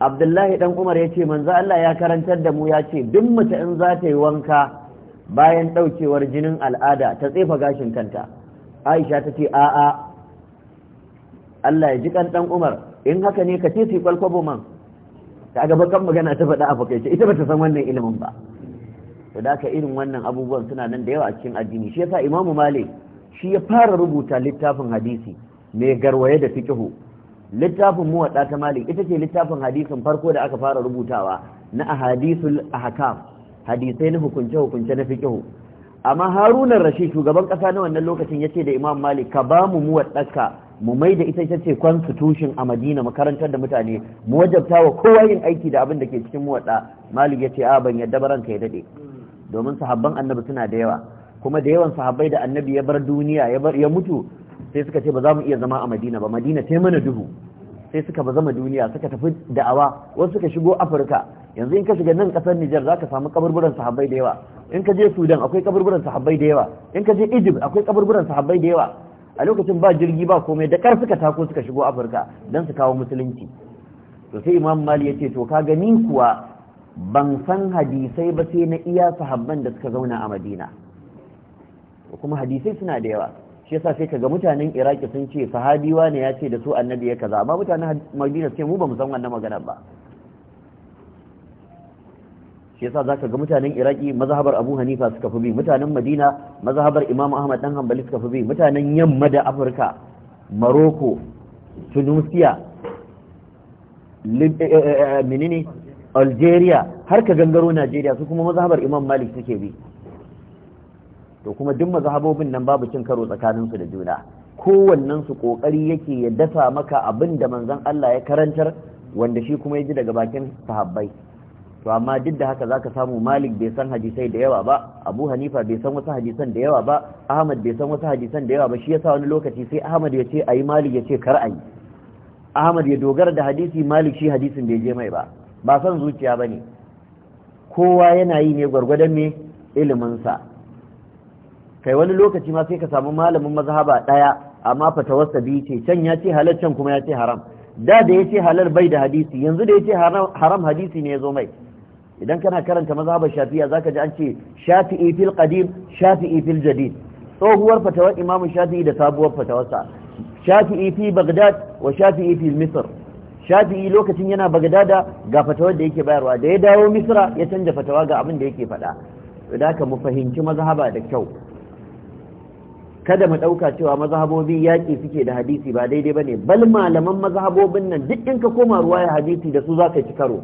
abdullahi ɗan umar ya ce manzo Allah ya karantar da mu ya ce duk mace in za ta yi wanka bayan ɗaukewar jinin al'ada ta tsefa gashin kanta aisha ta ce a'a Allah ya ji kan dan umar in haka ne ka ce su kwalkwabo man ta ga bakan magana ta faɗa a fakaice ita ba ta san wannan ilimin ba to da ka irin wannan abubuwan suna nan da yawa a cikin addini shi yasa imamu malik shi ya fara rubuta littafin hadisi mai garwaye da fiqhu littafin muwadda ta malik ita ce littafin hadisin farko da aka fara rubutawa na ahadithul ahkam hadisai na hukunce hukunce na fiqhu amma haruna rashid shugaban kasa na wannan lokacin yace da imam malik ka ba mu muwaddaka mu mai da ita ce constitution a madina makarantar da mutane mu wajabta wa kowa yin aiki da abin da ke cikin muwadda malik yace a ban yadda baranka ya dade domin sahabban annabi suna da yawa kuma da yawan sahabbai da annabi ya bar duniya ya mutu sai suka ce ba za mu iya zama a madina ba madina ta mana duhu sai suka ba zama duniya suka tafi da'awa wasu suka shigo afirka yanzu in ka shiga nan kasar nijar za ka samu kaburburan sahabbai da yawa in ka je sudan akwai kaburburan sahabbai da yawa in ka je egypt akwai kaburburan sahabbai da yawa a lokacin ba jirgi ba komai da kar suka tako suka shigo afirka don su kawo musulunci to sai imam mali ya ce to ka gani kuwa ban san hadisai ba sai na iya sahabban da suka zauna a madina kuma hadisai suna da yawa shi yasa sai kaga mutanen iraki sun ce sahabiwa ne ya ce da su annabi ya kaza amma mutanen madina ce mu ba mu san wannan magana ba shi yasa zaka ga mutanen iraki mazhabar abu hanifa suka fi bi mutanen madina mazhabar imam ahmad dan hanbali suka fi bi mutanen yamma da afirka maroko tunisia eh, eh, eh, menene algeria har ka gangaro najeriya su kuma mazhabar imam malik suke bi to kuma duk mazhabobin nan babu cin karo tsakanin su da juna kowannen su kokari yake ya dafa maka abin da manzon Allah ya karantar wanda shi kuma ya ji daga bakin sahabbai to amma duk da haka zaka samu Malik bai san hadisai da yawa ba Abu Hanifa bai san wasu hadisan da yawa ba Ahmad bai san wasu hadisan da yawa ba shi yasa wani lokaci sai Ahmad ya ce ayi Malik ya ce kar ayi Ahmad ya dogara da hadisi Malik shi hadisin bai je mai ba ba san zuciya bane kowa yana yi ne gwargwadon me ilimin sa kai wani lokaci ma sai ka samu malamin mazhaba daya amma fatawarsa biyu ce can ya ce halal can kuma ya ce haram da da ya ce halal bai da hadisi yanzu da ya ce haram hadisi ne ya zo mai idan kana karanta mazhabar shafi'a zaka ji an ce shafi'i fil qadim shafi'i fil jadid tsohuwar fatawar imamu shafi'i da sabuwar fatawarsa shafi'i fi bagdad wa shafi'i fi misr shafi'i lokacin yana bagdada ga fatawar da yake bayarwa da ya dawo misra ya canja fatawa ga abin da yake faɗa da ka mu fahimci mazhaba da kyau kada mu ɗauka cewa mazhabobi yaƙi suke da hadisi ba daidai ba ne bal malaman mazhabobin nan duk in ka koma ruwa ya hadisi da su za ka ci karo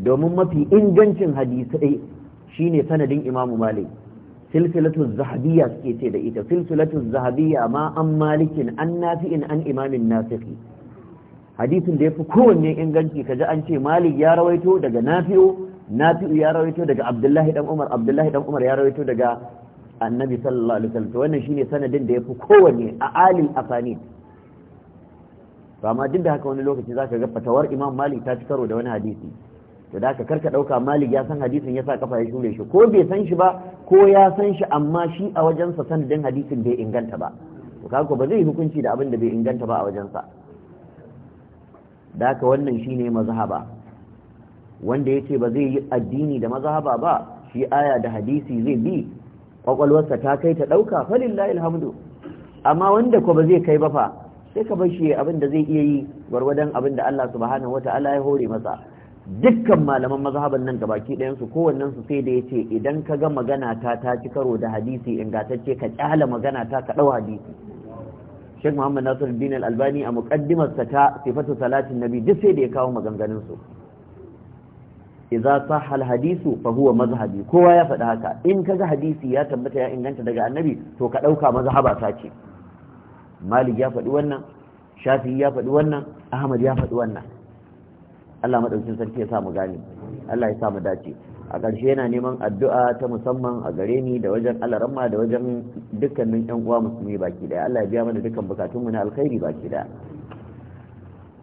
domin mafi ingancin hadisai shine sanadin imamu malik silsilatu zahabiyya suke ce da ita silsilatu zahabiyya ma an malikin an nafi'in an imamin nasifi hadisin da ya fi kowanne inganci kaji an ce malik ya rawaito daga nafi'u nafi'u ya rawaito daga abdullahi dan umar abdullahi dan umar ya rawaito daga annabi sallallahu alaihi wasallam wannan shine sanadin da yafi kowanne a alil asanid amma duk da haka wani lokaci zaka ga fatawar imam malik ta ci karo da wani hadisi to da haka karka dauka malik ya san hadisin sa kafa ya shure shi ko bai san shi ba ko ya san shi amma shi a wajensa sanadin hadisin bai inganta ba to kaga ba zai hukunci da abin da bai inganta ba a wajensa da haka wannan shine mazhaba wanda yace ba zai yi addini da mazhaba ba shi aya da hadisi zai bi kwakwalwarsa ta kai ta ɗauka la'il hamdu amma wanda ko ba zai kai ba fa sai ka bashi shi abin da zai iya yi gwargwadon abin da Allah subhanahu ta'ala ya hore masa dukkan malaman mazhaban nan baki ɗayan su kowannen su sai da yace idan ka ga magana ta ta ci karo da hadisi ingantacce ka kyala magana ta ka ɗau hadisi Sheikh Muhammad Nasiruddin Al-Albani a sa ta sifatu salatin nabi duk sai da ya kawo maganganun su idza sahha alhadisu fa huwa mazhabi kowa ya faɗi haka in kaga hadisi ya tabbata ya inganta daga annabi to ka dauka mazhaba ta ce malik ya faɗi wannan shafi'i ya faɗi wannan ahmad ya faɗi wannan Allah madaukin sarki ya sa mu gane Allah ya sa mu dace a ƙarshe yana neman addu'a ta musamman a gare ni da wajen alaramma da wajen dukkanin 'yan uwa musulmi baki daya Allah ya biya mana dukkan bukatunmu na alkhairi baki daya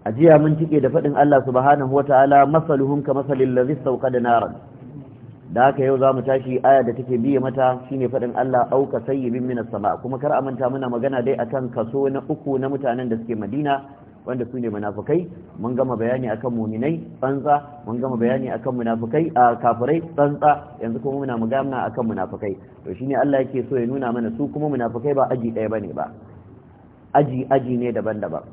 ajiya mun cike da faɗin Allah subhanahu wata'ala masaluhum ka masalil ladhi da naran da haka yau zamu tashi aya da take biye mata shine faɗin Allah auka sayyibin minas sama kuma kar amanta muna magana dai akan kaso na uku na mutanen da suke Madina wanda su ne munafukai mun gama bayani akan muminai tsantsa mun gama bayani akan munafukai a kafirai tsantsa yanzu kuma muna magana akan munafukai to shine Allah yake so ya nuna mana su kuma munafukai ba aji ɗaya bane ba aji aji ne daban-daban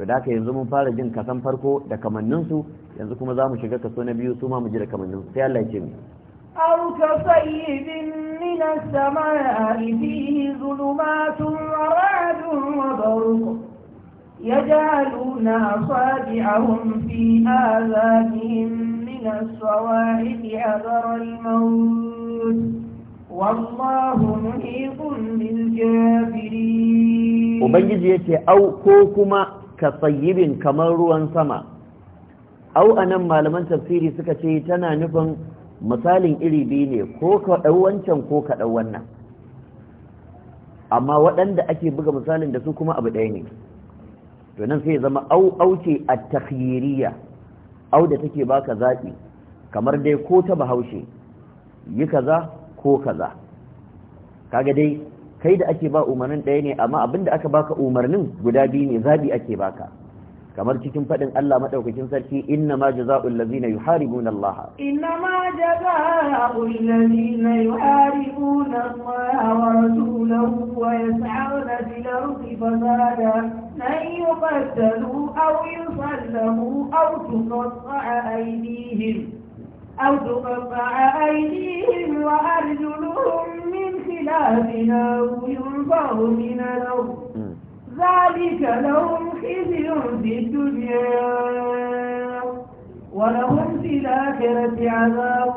to da haka yanzu mun fara jin kasan farko da kamannin su yanzu kuma zamu shiga kaso na biyu su ma mu ji da kamannin sai Allah ya ce mu aw ka sayyidin min as-sama'i fihi zulumatun wa radun wa barq yaj'aluna sabi'ahum fi azabihim min sawai adara maut wallahu muhibbul kafirin ubangiji yake au ko kuma ka tsayibin kamar ruwan sama au nan malaman tafsiri suka ce tana nufin misalin iri biyu ne ko ka ko ka amma waɗanda ake buga misalin da su kuma abu ɗaya ne to nan sai zama au auce a takhiriya au da take baka zaɓi kamar dai ko ta bahaushe yi kaza ko kaza kaga dai kai da ake ba umarnin ɗaya ne amma abin da aka baka umarnin guda biyu ne zabi ake baka kamar cikin faɗin Allah maɗaukakin sarki inna ma jaza'ul ladzina yuharibuna Allah inna ma jaza'ul ladzina yuharibuna Allah wa rasulahu wa yas'una fil ardi fasada an yuqtalu aw yusallabu aw tuqatta'a aydihim aw tuqatta'a aydihim wa arjuluhum min بلادنا وينفع من الأرض ذلك لهم خزي في الدنيا ولهم في الآخرة عذاب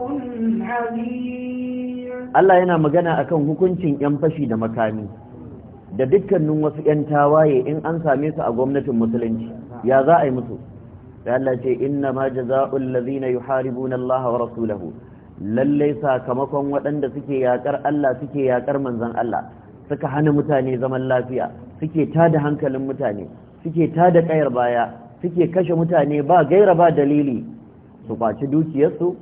عظيم الله ينا مغانا أكون hukuncin 'yan fashi da makami da dukkanin wasu 'yan tawaye in an same su a gwamnatin musulunci ya za a yi musu da Allah ce inna ma jaza'ul ladhina yuharibuna Allah wa rasulahu lallai sakamakon waɗanda suke yaƙar Allah suke yaƙar manzan Allah suka hana mutane zaman lafiya suke tada hankalin mutane suke tada ƙayar baya suke kashe mutane ba gaira ba dalili su kwaci dukiyarsu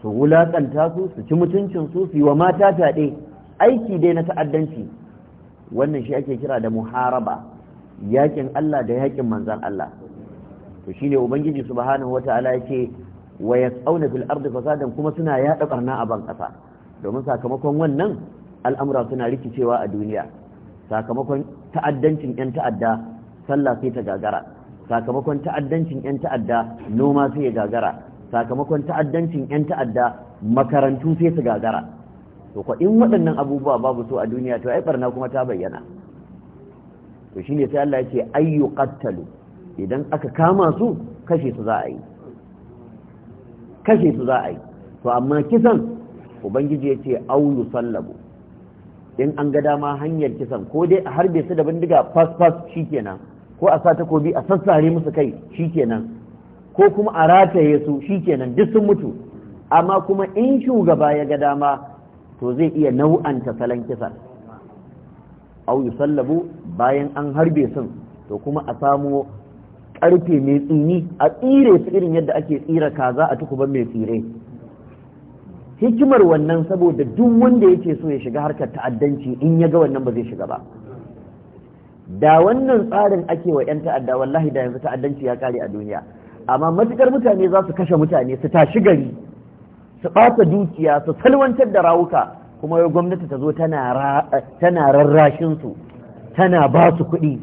su wulaƙanta su su ci mutuncinsu su yi wa mata taɗe aiki dai na ta'addanci wannan shi ake kira da muharaba yaƙin Allah da yaƙin manzan Allah to shine ubangiji subhanahu wata'ala yake wa yas'auna bil ardi fasadan kuma suna yaɗa barna a ban kasa domin sakamakon wannan al'amura suna rikicewa a duniya sakamakon ta'addancin yan ta'adda sallah sai ta gagara sakamakon ta'addancin yan ta'adda noma sai ya gagara sakamakon ta'addancin yan ta'adda makarantu sai su gagara to ko in waɗannan abubuwa babu so a duniya to ai barna kuma ta bayyana to shine sai Allah ya ce ayyu qattalu idan aka kama su kashe su za a yi kashe su za a yi to amma kisan ubangiji ya ce aulu sallabu in an ga dama hanyar kisan ko dai a harbe su da bindiga fas fas shikenan ko a sa takobi a sassare musu kai shikenan ko kuma a rataye su shikenan duk sun mutu amma kuma in shugaba ya ga dama to zai iya nau'anta salon kisan au yusallabu bayan an harbe sun to kuma a samu. karfe mai tsini a tsire su irin yadda ake tsira kaza a tukuban mai tsire hikimar wannan saboda duk wanda yake so ya shiga harkar ta'addanci in ya ga wannan ba zai shiga ba da wannan tsarin ake wa 'yan ta'adda wallahi da yanzu ta'addanci ya kare a duniya amma matukar mutane za su kashe mutane su tashi gari su ɓata dukiya su salwantar da rawuka kuma yau gwamnati ta zo tana rarrashin su tana ba su kuɗi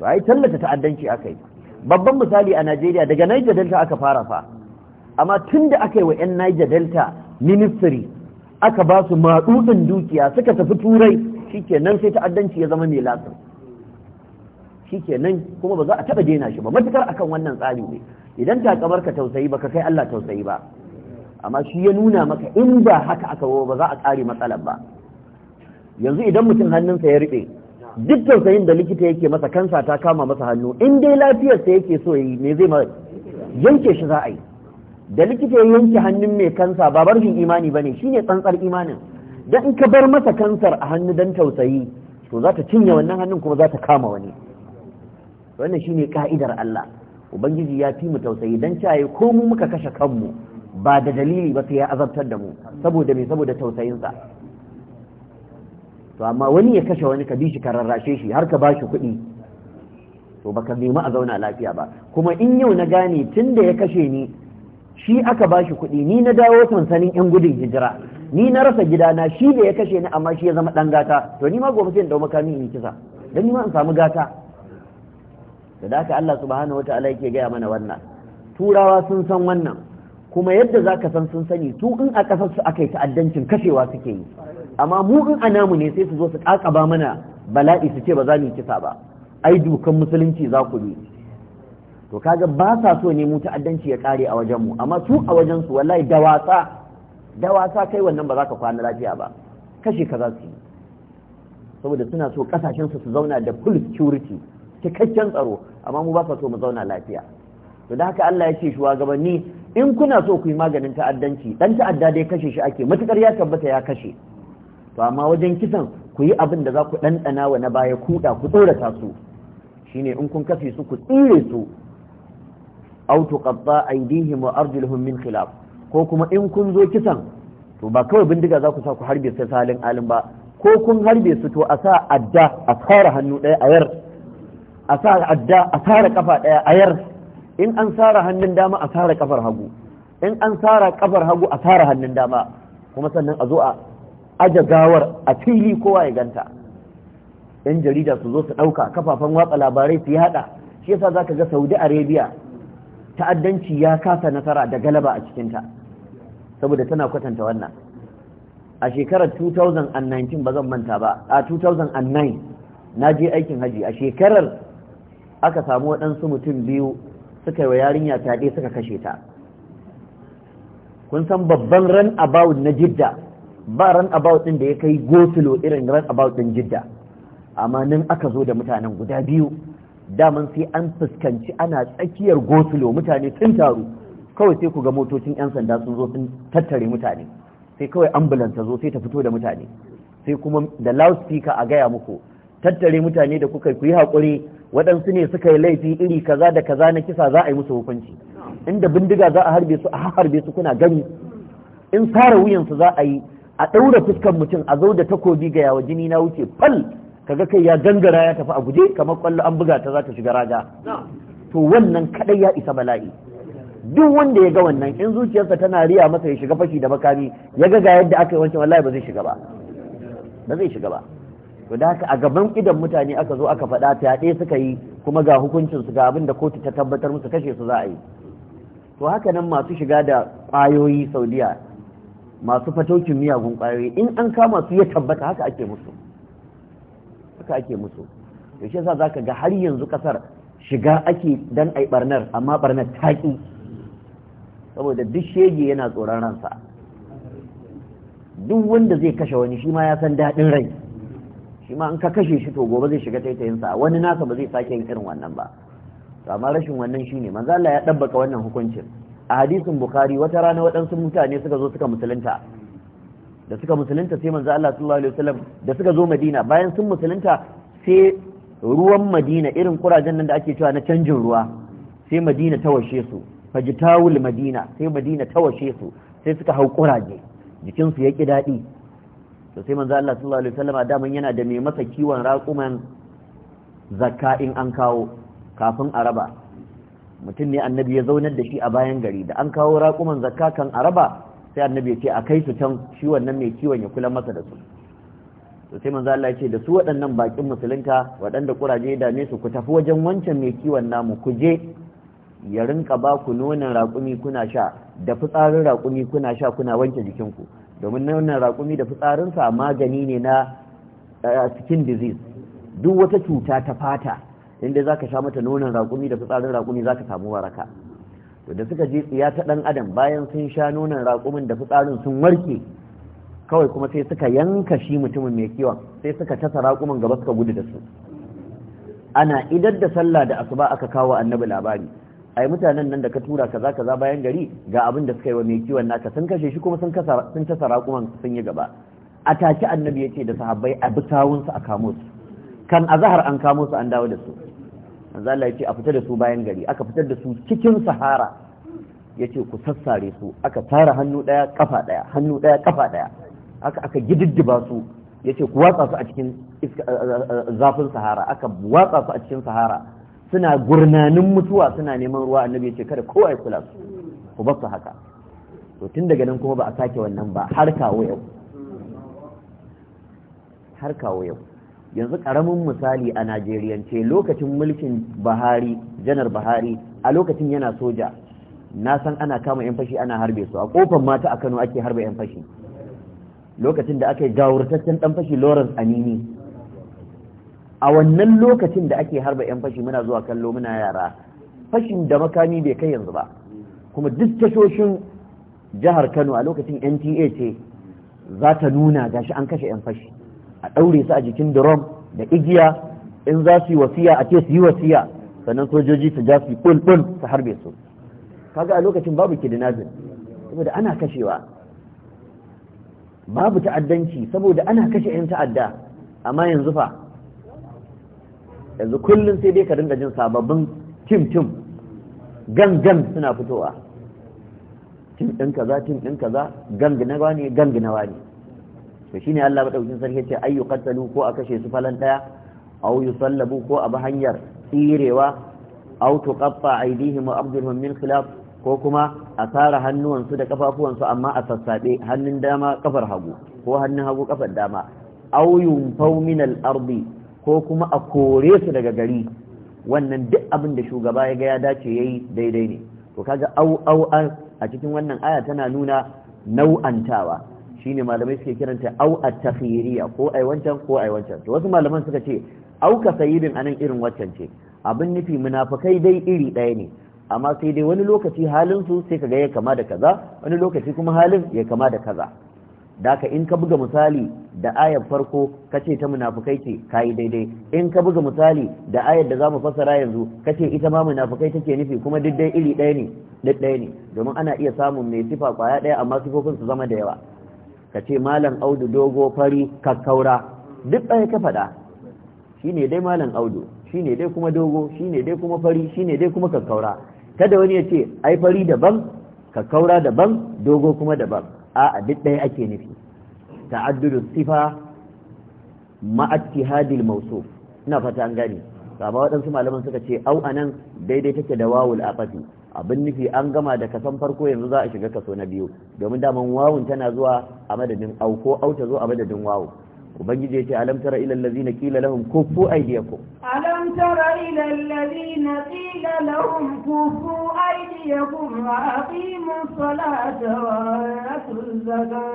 ba tallata ta'addanci aka yi babban misali a Najeriya daga Niger Delta aka fara fa amma tun da aka yi wa 'yan Niger Delta ministry aka ba su matsutsun dukiya suka tafi turai shikenan sai ta'addanci ya zama mai latsin shikenan kuma ba za a taɓa daina shi ba matukar akan wannan tsari ne idan ta kamar ka tausayi ba ka kai Allah tausayi ba amma shi ya nuna maka in ba haka aka ba za a ƙare matsalar ba yanzu idan mutum hannunsa ya riɓe duk tausayin da likita yake masa kansa ta kama masa hannu in dai lafiyarsa yake so yi me zai mai yanke shi za a yi da likita ya yanke hannun mai kansa ba barshin imani bane shine tsantsar imanin dan in ka bar masa kansar a hannu dan tausayi to za ta cinye wannan hannun kuma za ta kama wani wannan shine ka'idar Allah ubangiji ya fi mu tausayi dan caye ko mu muka kashe kanmu ba da dalili ba sai ya azabtar da mu saboda me saboda tausayinsa to amma wani ya kashe wani ka bi shi ka rarrashe shi har ka bashi kuɗi to baka nemi a zauna lafiya ba kuma in yau na gane tun da ya kashe ni shi aka bashi kuɗi ni na dawo sansanin yan gudun hijira ni na rasa gidana shi da ya kashe ni amma shi ya zama ɗan gata to ni ma gobe sai in dau makami in kisa dan ni ma in samu gata da daka Allah subhanahu wataala yake gaya mana wannan turawa sun san wannan kuma yadda zaka san sun sani tu in a su aka yi ta'addancin kashewa suke yi amma mu in a namu ne sai su zo su kakaba mana bala'i su ce ba za mu kisa ba ai dukan musulunci za ku bi to kaga ba sa so ne mu ta'addanci ya kare a wajen mu amma su a wajen su wallahi da wasa kai wannan ba za ka kwana lafiya ba kashe ka za su yi saboda suna so kasashen su su zauna da full security cikakken tsaro amma mu ba sa so mu zauna lafiya to da haka Allah ya ce shugabanni in kuna so ku yi maganin ta'addanci dan ta'adda dai kashe shi ake matukar ya tabbata ya kashe to amma wajen kisan ku yi abin da za ku ɗanɗana wa na baya kuɗa ku tsorata su shine in kun kafe su ku tsire su aw tuqatta aydihim wa arjuluhum min khilaf ko kuma in kun zo kisan to ba kawai bindiga za ku sa ku harbe sai salin alin ba ko kun harbe su to a sa adda a tsara hannu ɗaya a yar a sa adda a tsara kafa ɗaya a yar in an tsara hannun dama a tsara kafar hagu in an tsara kafar hagu a tsara hannun dama kuma sannan a zo a aje gawar a fili kowa ya ganta yan jarida su zo su ɗauka kafafen watsa labarai su haɗa shi yasa za ka ga saudi arabia ta'addanci ya kasa nasara da galaba a cikinta saboda tana kwatanta wannan a shekarar 2019 ba zan manta ba a 2009 na je aikin haji a shekarar aka samu waɗansu mutum biyu suka yi wa yarinya fyaɗe suka kashe ta kun san babban ran about na jidda ba ran about din da ya kai gosulo irin ran about din jidda amma nan aka zo da mutanen guda biyu daman sai an fuskanci ana tsakiyar gosulo mutane sun taru kawai sai ku ga motocin 'yan sanda sun zo sun tattare mutane sai kawai ambulance zo sai ta fito da mutane sai kuma da loudspeaker a gaya muku tattare mutane da kuka ku yi haƙuri waɗansu ne suka yi laifi iri kaza da kaza na kisa za a yi musu hukunci inda bindiga za a harbe su a harbe su kuna gani in sare wuyansu za a yi a ɗaura fuskan mutum a zo da takobi ga yawa jini na wuce fal kaga kai ya gangara ya tafi a guje kamar kwallo an buga ta za ta shiga raga to wannan kadai ya isa bala'i duk wanda ya ga wannan in zuciyarsa tana riya masa ya shiga fashi da makami ya ga ga yadda aka yi wancan wallahi ba zai shiga ba ba zai shiga ba to da haka a gaban idan mutane aka zo aka faɗa ta ɗaya suka yi kuma ga hukuncin su ga abin da kotu ta tabbatar musu kashe su za a yi to haka nan masu shiga da ƙwayoyi saudiya masu fatocin miyagun kwayoyi in an kama su ya tabbata haka ake musu haka ake musu to shi yasa zaka ga har yanzu kasar shiga ake dan ai barnar amma barnar taƙi saboda duk shege yana tsoron ransa duk wanda zai kashe wani shi ma ya san daɗin rai shi ma an ka kashe shi to gobe zai shiga taitayinsa wani nasa ba zai sake yin irin wannan ba to amma rashin wannan shine manzo Allah ya dabbaka wannan hukuncin a hadisin bukhari wata rana waɗansu mutane suka zo suka musulunta da suka musulunta sai manzo Allah sallallahu alaihi wasallam da suka zo Madina bayan sun musulunta sai ruwan Madina irin kurajen nan da ake cewa na canjin ruwa sai Madina ta washe su fajitawul Madina sai Madina ta washe su sai suka hau kuraje jikin su yaki dadi to sai manzo Allah sallallahu alaihi wasallam man yana da mai masa kiwon raquman zakka in an kawo kafin araba mutum ne annabi ya zaunar da shi a bayan gari da an kawo raƙuman zakka kan araba sai annabi ya ce a kai su can shi wannan mai kiwon ya kula masa da su to sai manzo Allah ya ce da su waɗannan bakin musulunta waɗanda kuraje ya dame su ku tafi wajen wancan mai kiwon namu ku je ya rinka ba ku nonon raƙumi kuna sha da fitsarin raƙumi kuna sha kuna wanke jikinku domin nonon raƙumi da fitsarin fitsarinsa magani ne na eh, skin disease duk wata cuta ta fata inda za ka sha mata nonon raƙumi da fitsarin raƙumi zaka samu waraka to da suka je tsiya ta ɗan adam bayan sun sha nonon raƙumin da fitsarin sun warke kawai kuma sai suka yanka shi mutumin mai kiwon sai suka tasa raƙumin gaba suka gudu da su ana idar da sallah da asuba aka kawo annabi labari ai mutanen nan da ka tura kaza za bayan gari ga abin da suka yi wa mai kiwon naka sun kashe shi kuma sun tasa raƙuman sun yi gaba a take annabi ce da sahabbai a bi sawunsu a kamo kan a zahar an kamo su an dawo da su manzo ya ce a fita da su bayan gari aka fitar da su cikin sahara ya ce ku sassare su aka tara hannu ɗaya kafa ɗaya hannu ɗaya kafa ɗaya aka aka gididdiba su ya ce ku watsa su a cikin zafin sahara aka watsa su a cikin sahara suna gurnanin mutuwa suna neman ruwa annabi ya ce kada kowa ya kula su ku bar su haka to tun daga nan kuma ba a sake wannan ba har kawo yau har kawo yau yanzu karamin misali a Najeriya ce lokacin mulkin buhari janar buhari a lokacin yana soja na san ana kama 'yan fashi ana harbe su a kofar mata a kano ake harbe 'yan fashi lokacin da aka yi gawurtaccen dan fashi lawrence anini a wannan lokacin da ake harba 'yan fashi muna zuwa kallo muna yara fashin da makami bai kai yanzu ba kuma duk tashoshin jihar kano a lokacin nta ce za ta nuna gashi an kashe 'yan fashi a ɗaure su a jikin drum da igiya in za su yi wasiya a ce su yi wasiya sannan sojoji su ja su kul su harbe su kaga a lokacin babu kidnapping saboda ana kashewa babu ta'addanci saboda ana kashe 'yan ta'adda amma yanzu fa yanzu kullum sai dai ka rinka jin sababbin tim-tim gan-gan suna fitowa tim ɗin kaza tim ɗin kaza ganginawa ne ganginawa ne to shine Allah madaukakin sarki ce ayyu qatalu ko a kashe su falan daya aw yusallabu ko a bi hanyar tsirewa aw tuqaffa aydihim wa min khilaf ko kuma a tsara hannuwansu da kafafuwansu amma a sassabe hannun dama kafar hagu ko hannun hagu kafar dama aw yunfaw min al-ardi ko kuma a kore su daga gari wannan duk abin da shugaba ya ga ya dace yayi daidai ne to kaga au au a cikin wannan aya tana nuna nau'antawa shine malamai suke kiranta au a takhiriya ko ai wancan ko ai wancan to wasu malaman suka ce au ka sayyidin anan irin wancan ce abin nufi munafukai dai iri ɗaya ne amma sai dai wani lokaci halin su sai kaga ya kama da kaza wani lokaci kuma halin ya kama da kaza daka in ka buga misali da ayar farko kace ta munafukai ce kayi daidai in ka buga misali da ayar da zamu fassara yanzu kace ita ma munafukai take nufi kuma duk dai iri ɗaya ne duk ɗaya ne domin ana iya samun mai sifa kwaya ɗaya amma sifofin su zama da yawa ka ce malam audu dogo fari kakkaura duk ɗaya ka faɗa shi ne dai malam audu shi ne dai kuma dogo shi ne dai kuma fari shi ne dai kuma kakkaura kada wani ya ce ai fari daban kakkaura daban dogo kuma daban a'a duk ɗaya ake nufi ta'addudu sifa ma'attihadil mawsuf ina fata an gane ba waɗansu malaman suka ce au anan daidai take da wawul aqafi abin nufi an gama da kasan farko yanzu za a shiga kaso na biyu domin daman wawun tana zuwa a madadin au ko au ta zo a madadin wawu ubangiji yace alam tara ila allazina qila lahum kufu aydiyakum alam tara ila allazina qila lahum kufu aydiyakum wa aqimus salata wa atuz zakata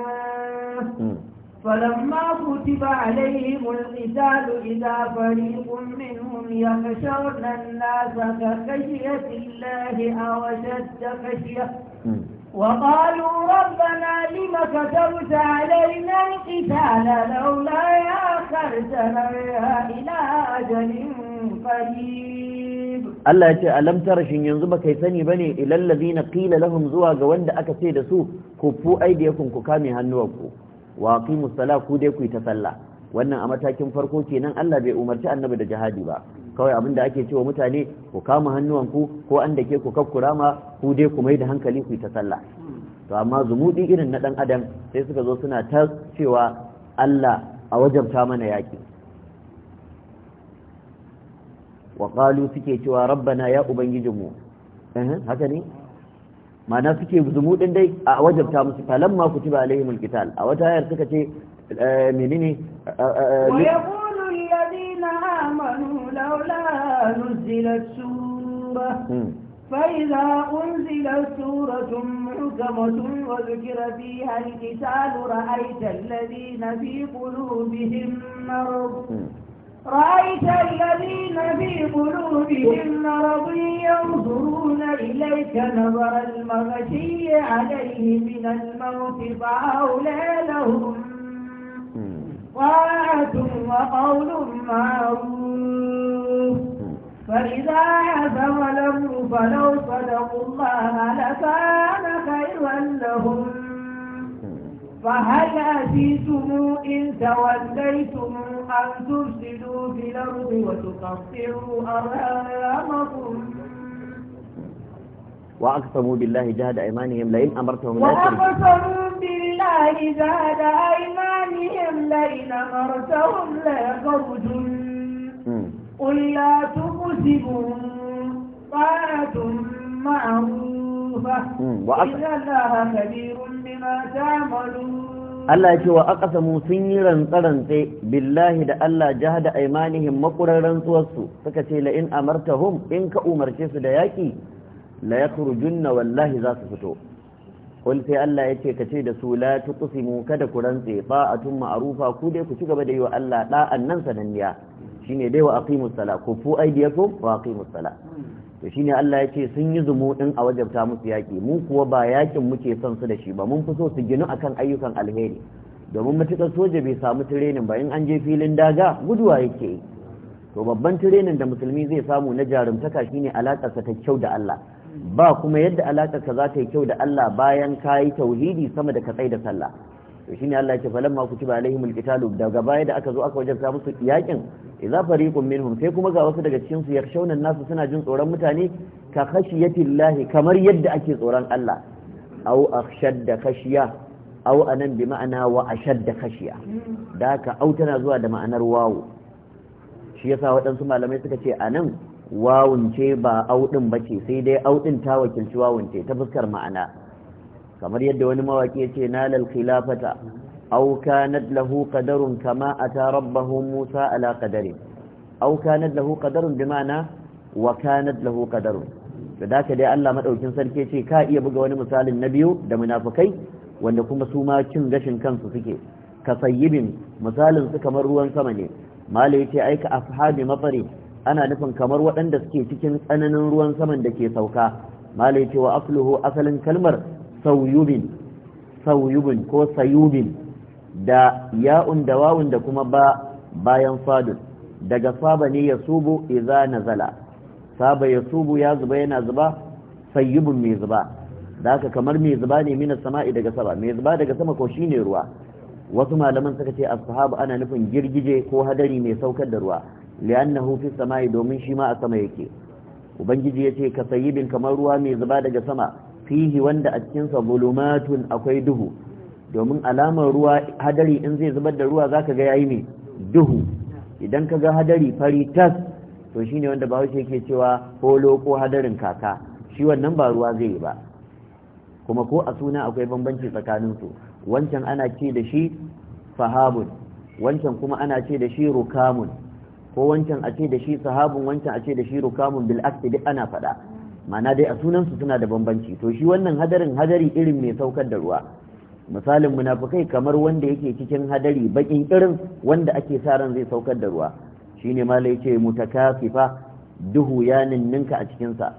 hmm. فلما كتب عليهم القتال إذا فريق منهم يخشون الناس كخشية الله أو أشد خشية وقالوا ربنا لم كتبت علينا القتال لولا يأخرتنا إلى أجل قريب الله يتي ألم ترى شن ينزب كيساني بني إلى الذين قيل لهم زواج وند أكسيد سوء كفوا أيديكم ككامي هنوكم wa fi sala ku dai ku yi ta sallah wannan a matakin farko kenan Allah bai umarci annabi da jihadi ba kawai abin da ake cewa mutane ku kama hannuwanku ko an dake ku kakkura ma ku dai ku mai da hankali ku yi ta sallah to amma zumudi irin na dan adam sai suka zo suna ta cewa Allah a wajabta mana yaki wa qalu suke cewa rabbana ya ubangijinmu eh haka ne ma'ana suke zumuɗin dai a wajabta musu falamma kutiba alaihimul qital a wata ayar suka ce eh, menene ويقول الذين آمنوا لولا نزلت سورة فإذا أنزلت سورة محكمة وذكر فيها القتال رأيت الذين في قلوبهم مرض رأيت الذين في قلوبهم مرض ينظرون إليك نظر المغشي عليه من الموت فأولى لهم طاعة وقول معروف فإذا عزم الأمر فلو صدقوا الله لكان خيرا لهم فهل أتيتم إن توليتم أن تفسدوا في الأرض وتقصروا أرهامكم وأقسموا بالله جهد أيمانهم لئن أمرتهم لا وأقسموا بالله جهد أيمانهم لئن أمرتهم لا يخرجوا قل لا تقسموا طاعة معروفة إن الله كبير mu Allah ya ce wa aqasamu sun yi rantsarantse billahi da Allah da aimanihin makurar rantsuwarsu suka ce la in hum in ka umarce su da yaƙi la yakhrujunna wallahi za su fito qul sai Allah ya ce kace da su la kusimu kada ku rantse tun ma'arufa ku dai ku ci gaba da yi wa Allah da'an nan sananniya shine dai wa aqimus sala ku fu aydiyakum wa aqimus sala to shine Allah ya ce sun yi zumu ɗin a wajabta musu yaki mu kuwa ba yaƙin muke son su da shi ba mun fi so su ginu akan ayyukan alheri domin matuƙar soja bai samu tirenin ba in an je filin daga guduwa yake to babban tirenin da musulmi zai samu na jarumtaka shine alaƙarsa ta kyau da Allah ba kuma yadda alaƙarka za ta yi kyau da Allah bayan ka yi tauhidi sama da ka da sallah to shine Allah ya ce falamma kutiba alaihim alqitalu daga baya da aka zo aka samu musu yakin idza fariqun minhum sai kuma ga wasu daga cikin su yakshawna nasu suna jin tsoron mutane ka khashiyati llahi kamar yadda ake tsoron Allah aw akhshadda khashiya aw anan bi ma'ana wa ashadda khashiya da ka au tana zuwa da ma'anar wawu shi yasa waɗansu malamai suka ce anan wawun ce ba au din bace sai dai au din ta wakilci wawun ce ta fuskar ma'ana kamar yadda wani mawaki ce na khilafata aw kanat lahu kama ata rabbahu Musa ala qadari aw kanat lahu qadarun bima'ana wa kanat lahu qadarun da haka dai Allah maɗaukin sarki ce ka iya buga wani misalin na biyu da munafukai? wanda kuma su ma cin gashin kansu suke ka sayyibin misalin su kamar ruwan sama ne mala yace aika ashabi matsari ana nufin kamar waɗanda suke cikin tsananin ruwan saman da ke sauka mala ce wa asluhu asalin kalmar sauyubin sauyubin ko sayubin da ya'un da wawun da kuma ba bayan fadun daga saba ne ya subu iza nazala saba ya ya zuba yana zuba sayubin mai zuba da haka kamar mai zuba ne mina sama'i daga sama mai zuba daga sama ko shine ruwa wasu malaman suka ce ashabu ana nufin girgije ko hadari mai saukar da ruwa li'annahu fi sama'i domin shi ma a sama yake ubangiji yace ka sayibin kamar ruwa mai zuba daga sama fihi wanda a cikinsa bulumatun akwai duhu domin alamar ruwa hadari in zai zubar da ruwa zaka ga yayi ne duhu idan ka ga hadari fari tas to shine wanda bahaushe yake cewa holo ko hadarin kaka shi wannan ba ruwa zai yi ba kuma ko a suna akwai bambanci tsakanin su wancan ana ce da shi fahabun wancan kuma ana ce da shi rukamun ko wancan a ce da shi sahabun wancan a ce da shi rukamun bil duk ana faɗa ma'ana dai a sunansu suna da bambanci to shi wannan hadarin hadari irin mai saukar da ruwa misalin munafukai kamar wanda yake cikin hadari bakin irin wanda ake sa ran zai saukar da ruwa shine ma lai ce mutakasifa duhu ya ninninka a cikin sa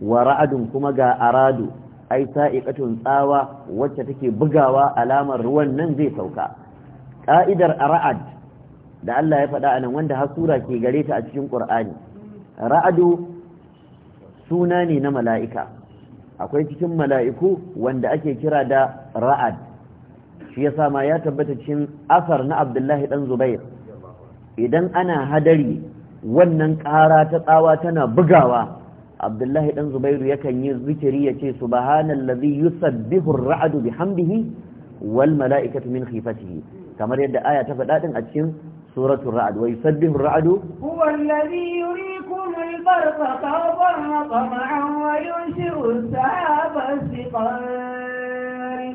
wa ra'adun kuma ga aradu ai sa'iqatun tsawa wacce take bugawa alamar ruwan nan zai sauka ka'idar ra'ad da Allah ya faɗa anan wanda hasura ke gare ta a cikin Qur'ani ra'adu suna ne na mala'ika akwai cikin mala'iku wanda ake kira da ra'ad shi yasa ma ya tabbata cikin asar na abdullahi ɗan zubair idan ana hadari wannan ƙara ta tsawa tana bugawa abdullahi ɗan zubairu yakan yi zikiri ya ce subhanallazi bihun ra'adu bihan bihi wal mala'ikatu min khifatihi kamar yadda aya ta faɗaɗin a cikin سورة الرعد ويسبح الرعد هو الذي يريكم البرق خوفا وطمعا وينشر السحاب الثقال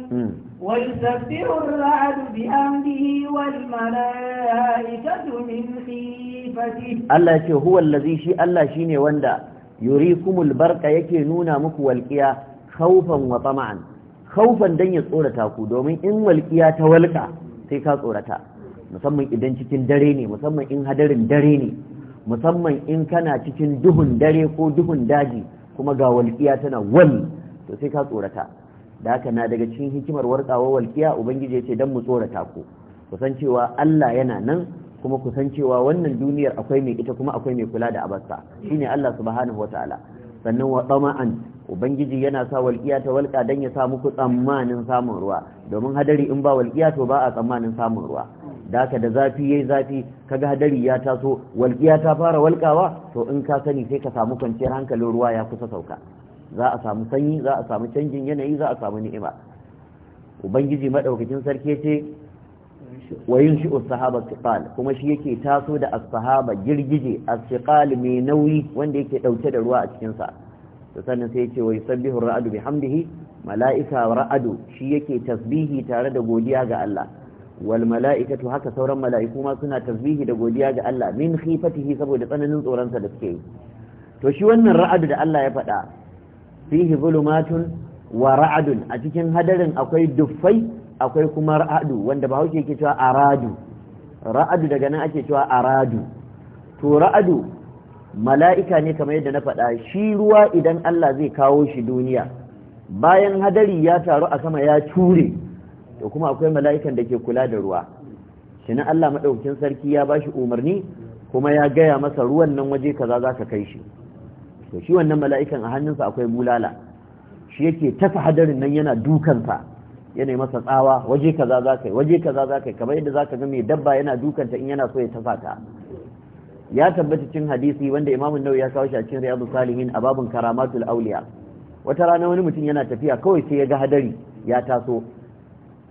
ويسبح الرعد بأمره والملائكة من خيفته الله شو هو الذي شي الله شيني وندا يريكم البرق يكي نونا مكو والقيا خوفا وطمعا خوفا دن يصورة تاكو دومين إن والقيا تولكا سيكا صورة تاكو musamman idan cikin dare ne musamman in hadarin dare ne musamman in kana cikin duhun dare ko duhun daji kuma ga walƙiya tana wani to sai ka tsorata da haka na daga cikin hikimar warkawa walƙiya ubangiji ya ce dan mu tsorata ku kusan cewa Allah yana nan kuma kusan cewa wannan duniyar akwai mai ita kuma akwai mai kula da abarsa shine Allah subhanahu wataala sannan wa tama'an ubangiji yana sa walƙiya ta walƙa dan ya sa muku tsammanin samun ruwa domin hadari in ba walƙiya to ba a tsammanin samun ruwa da aka da zafi yayi zafi kaga hadari ya taso walƙiya ta fara walƙawa to in ka sani sai ka samu kwanciyar hankalin ruwa ya kusa sauka za a samu sanyi za a samu canjin yanayi za a samu ni'ima ubangiji madaukakin sarki ce wa shi sahaba thiqal kuma shi yake taso da as girgije as mai nauyi wanda yake dauke da ruwa a cikin sa to sannan sai yace wa yusabbihu ra'adu radu bihamdihi mala'ika ra'adu shi yake tasbihi tare da godiya ga Allah wal mala'ikatu haka sauran mala'iku ma suna tasbihi da godiya ga Allah min khifatihi saboda tsananin tsoronsa da suke yi to shi wannan ra'adu da Allah ya faɗa fihi zulumatun wa ra'adun a cikin hadarin akwai duffai akwai kuma ra'adu wanda bahaushe yake cewa aradu ra'adu daga nan ake cewa aradu to ra'adu mala'ika ne kamar yadda na faɗa shi ruwa idan Allah zai kawo shi duniya bayan hadari ya taru a sama ya ture to kuma akwai mala'ikan da ke kula da ruwa shi na Allah maɗaukin sarki ya ba shi umarni kuma ya gaya masa ruwan nan waje kaza za ka kai shi to shi wannan mala'ikan a hannunsa akwai bulala shi yake tafi hadarin nan yana dukansa yana masa tsawa waje kaza za ka waje kaza za ka yi kamar yadda za ka ga mai dabba yana dukanta in yana so ya tafa ta ya tabbata cin hadisi wanda imamun nawawi ya kawo shi a cikin riyadu salihin a babun karamatul auliya wata rana wani mutum yana tafiya kawai sai ya ga hadari ya taso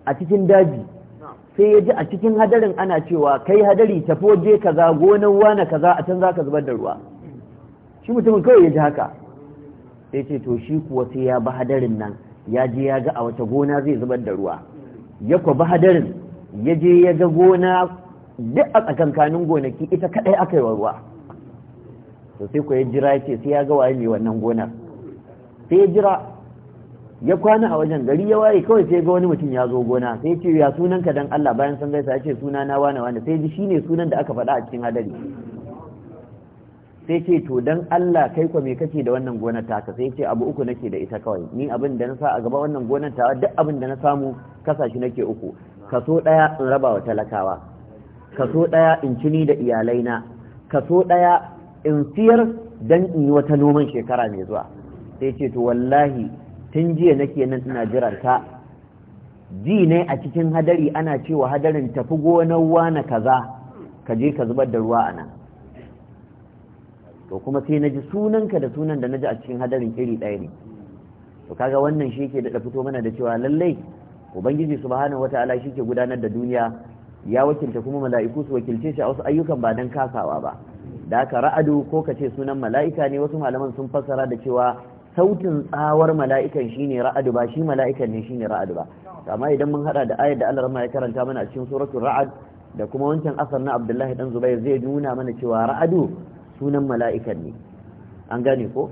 a cikin daji sai ya ji a cikin hadarin ana cewa kai hadari tafi waje kaza gonan wane kaza a can ka zubar da ruwa shi mutumin kawai ya ji haka sai ce to shi kuwa sai ya bi hadarin nan ya je ya ga a wata gona zai zubar da ruwa ya kwa bi hadarin ya je ya ga gona duk a tsakankanin gonaki ita kadai aka yi ruwa to sai ko ya jira ya ce sai ya ga waye mai wannan gonar sai ya jira ya kwana a wajen gari ya waye kawai sai ga wani mutum ya zo gona sai ce ya sunan ka dan Allah bayan san gaisa ya ce suna na wane wane sai ji shine sunan da aka faɗa a cikin hadari sai ce to dan Allah kai kwa me kake da wannan gonar taka sai ce abu uku nake da ita kawai ni abin da na sa a gaba wannan gonar tawa duk abin da na samu kasashi nake uku kaso daya in raba wa talakawa kaso daya in cini da iyalaina kaso daya in siyar dan in yi wata noman shekara mai zuwa sai ce to wallahi tun jiya nake nan ina jiran ka ji ne a cikin hadari ana cewa hadarin tafi gonar na kaza ka je ka zubar da ruwa a nan to kuma sai na ji sunanka da sunan da na ji a cikin hadarin iri ɗaya ne to kaga wannan shi ke daɗa fito mana da cewa lallai ubangiji subhanahu wata'ala shi ke gudanar da duniya ya wakilta kuma mala'iku su wakilce shi a wasu ayyukan ba dan kasawa ba da aka ra'adu ko ka ce sunan mala'ika ne wasu malaman sun fassara da cewa sautin tsawar mala'ikan shine ra'adu ba shi mala'ikan ne shine ra'adu ba amma idan mun hada da ayat da Allah ya karanta mana a cikin suratul ra'ad da kuma wancan asar na Abdullahi dan Zubair zai nuna mana cewa ra'adu sunan mala'ikan ne an gane ko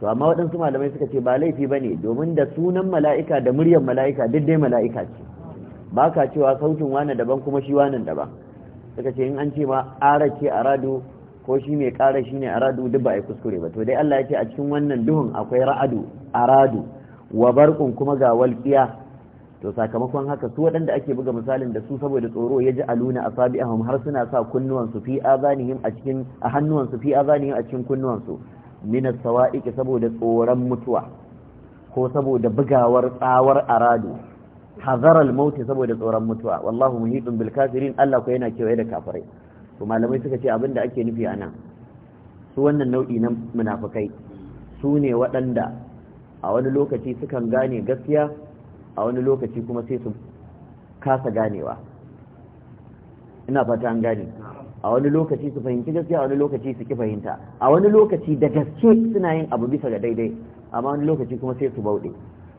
to amma waɗansu malamai suka ce ba laifi bane domin da sunan mala'ika da muryar mala'ika duk dai mala'ika ce ba ka cewa sautin wani daban kuma shi wani daban suka ce in an ce ma arake aradu ko shi mai kara shi ne aradu duk ba a yi kuskure ba to dai Allah ya ce a cikin wannan duhun akwai ra'adu aradu wa barkun kuma ga walƙiya to sakamakon haka su waɗanda ake buga misalin da su saboda tsoro ya ji aluna asabi'ahum har suna sa kunnuwansu fi azanihim a cikin a hannuwansu fi azanihim a cikin kunnuwansu min saboda tsoron mutuwa ko saboda bugawar tsawar aradu hazar al-maut saboda tsoron mutuwa wallahu muhitun bil kafirin Allah ko yana kewaye da kafirai to malamai suka ce abin da ake nufi a nan su wannan nau'i na munafukai su ne waɗanda a wani lokaci sukan gane gaskiya a wani lokaci kuma sai su kasa ganewa ina fata an gane a wani lokaci su fahimci gaskiya a wani lokaci su ki fahimta a wani lokaci da gaske suna yin abu bisa ga daidai amma wani lokaci kuma sai su bauɗe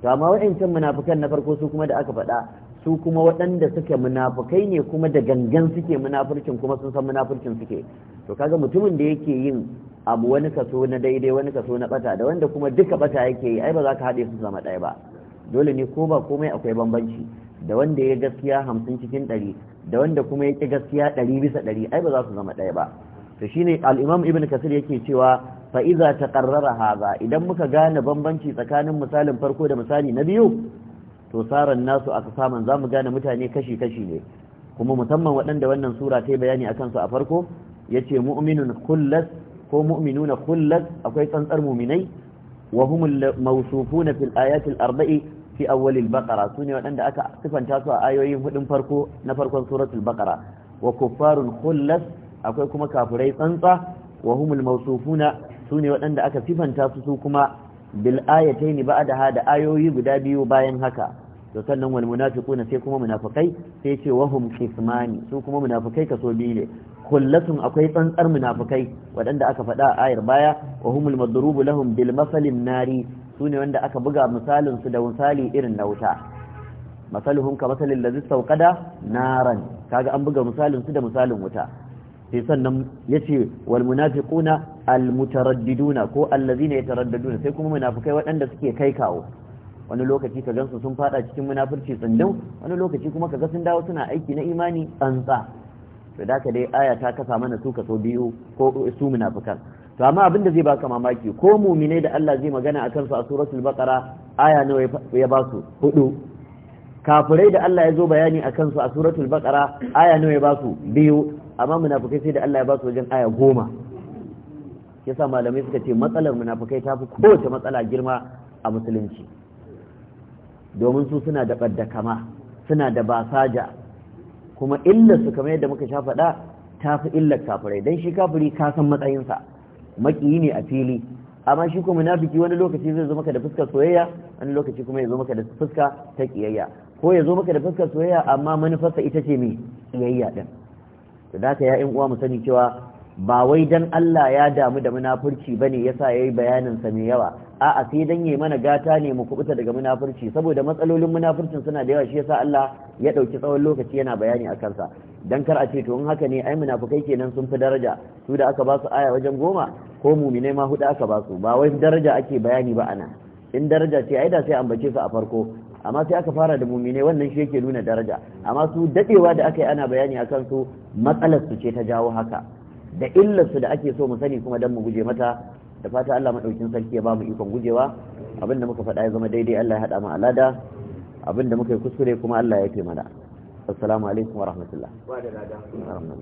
to amma wa'ancan munafukan na farko su kuma da aka faɗa su kuma waɗanda suke munafukai ne kuma da gangan suke munafurcin kuma sun san munafurcin suke to kaga mutumin da yake yin abu wani kaso na daidai wani kaso na bata da wanda kuma duka bata yake yi ai ba za ka haɗe su zama ɗaya ba dole ne ko ba komai akwai bambanci da wanda ya gaskiya hamsin cikin ɗari da wanda kuma ya ƙi gaskiya ɗari bisa ɗari ai ba za su zama ɗaya ba to shine al'imam ibn kasir yake cewa fa iza taqarrara hadha idan muka gane bambanci tsakanin misalin farko da misali na biyu to saran nasu aka samun za mu gane mutane kashi-kashi ne kuma musamman waɗanda wannan sura ta bayani a kansu a farko ya ce mu'minun kullas ko mu'minuna kullas akwai tsantsar muminai wa humul mawsufuna fil ayatil arba'i fi awwalil baqara sune waɗanda aka sifanta su a ayoyin hudun farko na farkon suratul baqara wa kuffarun kullas akwai kuma kafirai tsantsa wa humul mawsufuna waɗanda aka sifanta su su kuma bil ayataini ba'da da ayoyi guda biyu bayan haka to sannan wal munafiquna sai kuma munafikai sai ce wahum qismani su kuma munafikai kaso biyu ne kullatun akwai tsantsar munafikai waɗanda aka faɗa a ayar baya wa humul madrubu lahum bil masalin nari sune wanda aka buga misalin su da misali irin na wuta masaluhum ka masalin ladhi sauqada naran kaga an buga misalin su da misalin wuta sai sannan yace wal munafiquna almutaraddiduna ko allazina yataraddaduna sai kuma munafikai waɗanda suke kai kawo wani lokaci ka gansu sun fada cikin munafurci tsindin wani lokaci kuma kaga sun dawo suna aiki na imani tsantsa to da ka dai aya ta kasa mana su kaso biyu ko su munafikan to amma abin da zai baka mamaki ko muminai da Allah zai magana akan su a suratul baqara aya nawa ya ba su hudu kafirai da Allah ya zo bayani akan su a suratul baqara aya nawa ya ba su biyu amma munafikai sai da Allah ya ba su wajen aya goma yasa malamai suka ce matsalar munafukai ta fi kowace matsala girma a musulunci domin su suna da kama suna da basaja kuma illar su kamar yadda muka sha faɗa ta fi illar kafirai dan shi kafiri ka san matsayinsa makiyi ne a fili amma shi kuma munafiki wani lokaci zai zo maka da fuskar soyayya wani lokaci kuma ya zo maka da fuska ta kiyayya ko ya zo maka da fuskar soyayya amma manufarsa ita ce mai ƙiyayya din to da ya yan uwa mu sani cewa ba wai dan Allah ya damu da munafurci ba bane yasa yayi bayanin sa mai yawa a'a sai dan yayi mana gata ne mu kubuta daga munafurci saboda matsalolin munafurcin suna da yawa shi yasa Allah ya dauki tsawon lokaci yana bayani akan sa dan kar a ce to in haka ne ai munafukai kenan sun fi daraja su da aka ba su aya wajen goma ko muminai ma hudu aka ba su ba wai daraja ake bayani ba ana in daraja ce ai da sai ambace su a farko amma sai aka fara da muminai wannan shi yake nuna daraja amma su dadewa da aka yi ana bayani akan su matsalar su ce ta jawo haka da illarsu da ake so mu sani kuma don mu guje mata da fata Allah maɗaukin sarki ya ba mu ikon gujewa abinda muka faɗa ya zama daidai Allah ya haɗa mu alada abinda muka yi kuskure kuma Allah ya taimana assalamu alaikum wa rahmatullah